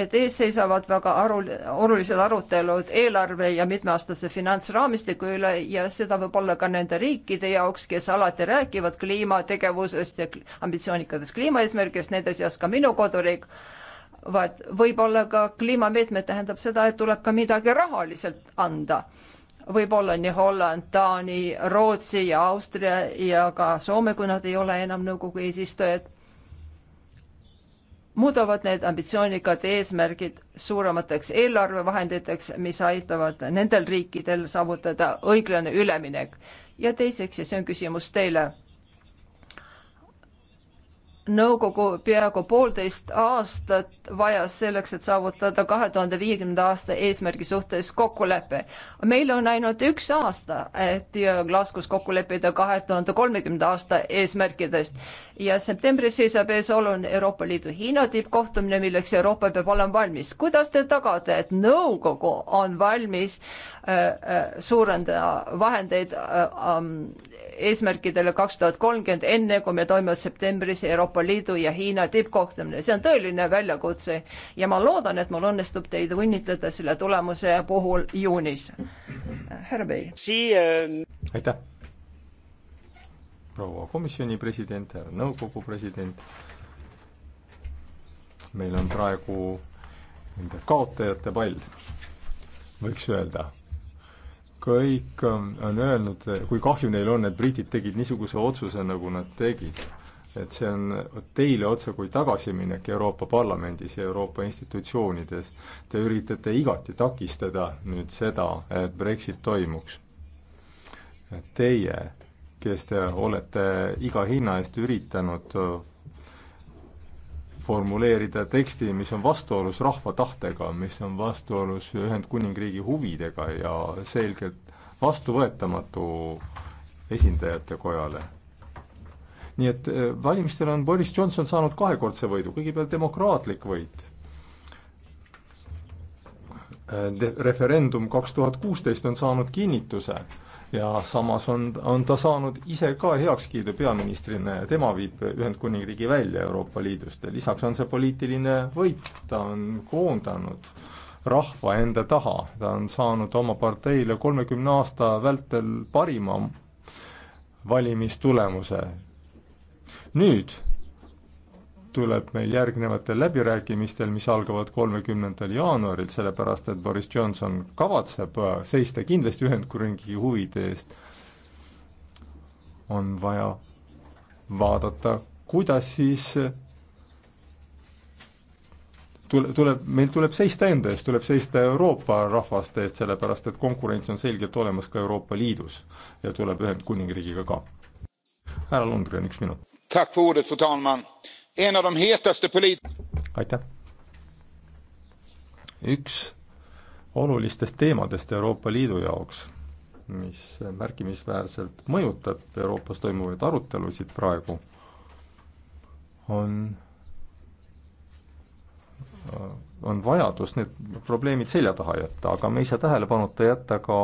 et ees seisavad väga aru, olulised arutelud eelarve ja mitmeaastase finantsraamistiku üle ja seda võib-olla ka nende riikide jaoks, kes alati räägivad kliimategevusest ja ambitsioonikatest kliimaeesmärgist, nende seas ka minu koduriik, vaid võib-olla ka kliimameetmed tähendab seda, et tuleb ka midagi rahaliselt anda võib-olla nii Holland, Taani, Rootsi ja Austria ja ka Soome, kui nad ei ole enam nõukogu eesistujad, muudavad need ambitsioonikad eesmärgid suuremateks eelarvevahenditeks, mis aitavad nendel riikidel saavutada õiglane üleminek. ja teiseks, ja see on küsimus teile nõukogu peaaegu poolteist aastat vajas selleks, et saavutada kahe tuhande viiekümnenda aasta eesmärgi suhtes kokkulepe. meil on ainult üks aasta, et Glasgow's kokku leppida kahe tuhande kolmekümnenda aasta eesmärkidest ja septembris seisab ees oluline Euroopa Liidu Hiina tippkohtumine, milleks Euroopa peab olema valmis. kuidas te tagate, et nõukogu on valmis äh, äh suurendada vahendeid äh, äh, eesmärkidele kaks tuhat kolmkümmend, enne kui meil toimuvad septembris Euroopa Euroopa Liidu ja Hiina tippkohtumine, see on tõeline väljakutse ja ma loodan, et mul õnnestub teid õnnitleda selle tulemuse puhul juunis. härra Bey. Äh, aitäh. proua komisjoni president, härra nõukogu president. meil on praegu nende kaotajate pall, võiks öelda kõik ähm, on öelnud, kui kahju neil on, et britid tegid niisuguse otsuse, nagu nad tegid et see on teile otse kui tagasiminek Euroopa Parlamendis ja Euroopa institutsioonides. Te üritate igati takistada nüüd seda, et Brexit toimuks. Teie, kes te olete iga hinna eest üritanud formuleerida teksti, mis on vastuolus rahva tahtega, mis on vastuolus Ühendkuningriigi huvidega ja selgelt vastuvõetamatu esindajate kojale nii et äh, valimistel on Boris Johnson saanud kahekordse võidu, kõigepealt demokraatlik võit. Äh, referendum kaks tuhat kuusteist on saanud kinnituse ja samas on, on ta saanud ise ka heakskiidu peaministrina ja tema viib Ühendkuningriigi välja Euroopa Liidust ja lisaks on see poliitiline võit, ta on koondanud rahva enda taha, ta on saanud oma parteile kolmekümne aasta vältel parima valimistulemuse nüüd tuleb meil järgnevatel läbirääkimistel, mis algavad kolmekümnendal jaanuaril, sellepärast et Boris Johnson kavatseb äh, seista kindlasti Ühendkuningriigi huvide eest, on vaja vaadata, kuidas siis tule, tuleb, meil tuleb seista enda eest, tuleb seista Euroopa rahvaste eest, sellepärast et konkurents on selgelt olemas ka Euroopa Liidus ja tuleb Ühendkuningriigiga ka. härra Lundgren, üks minut fru talman! aitäh! üks olulistest teemadest Euroopa Liidu jaoks, mis märkimisväärselt mõjutab Euroopas toimuvaid arutelusid praegu, on, on vajadus need probleemid selja taha jätta, aga me ei saa tähelepanuta jätta ka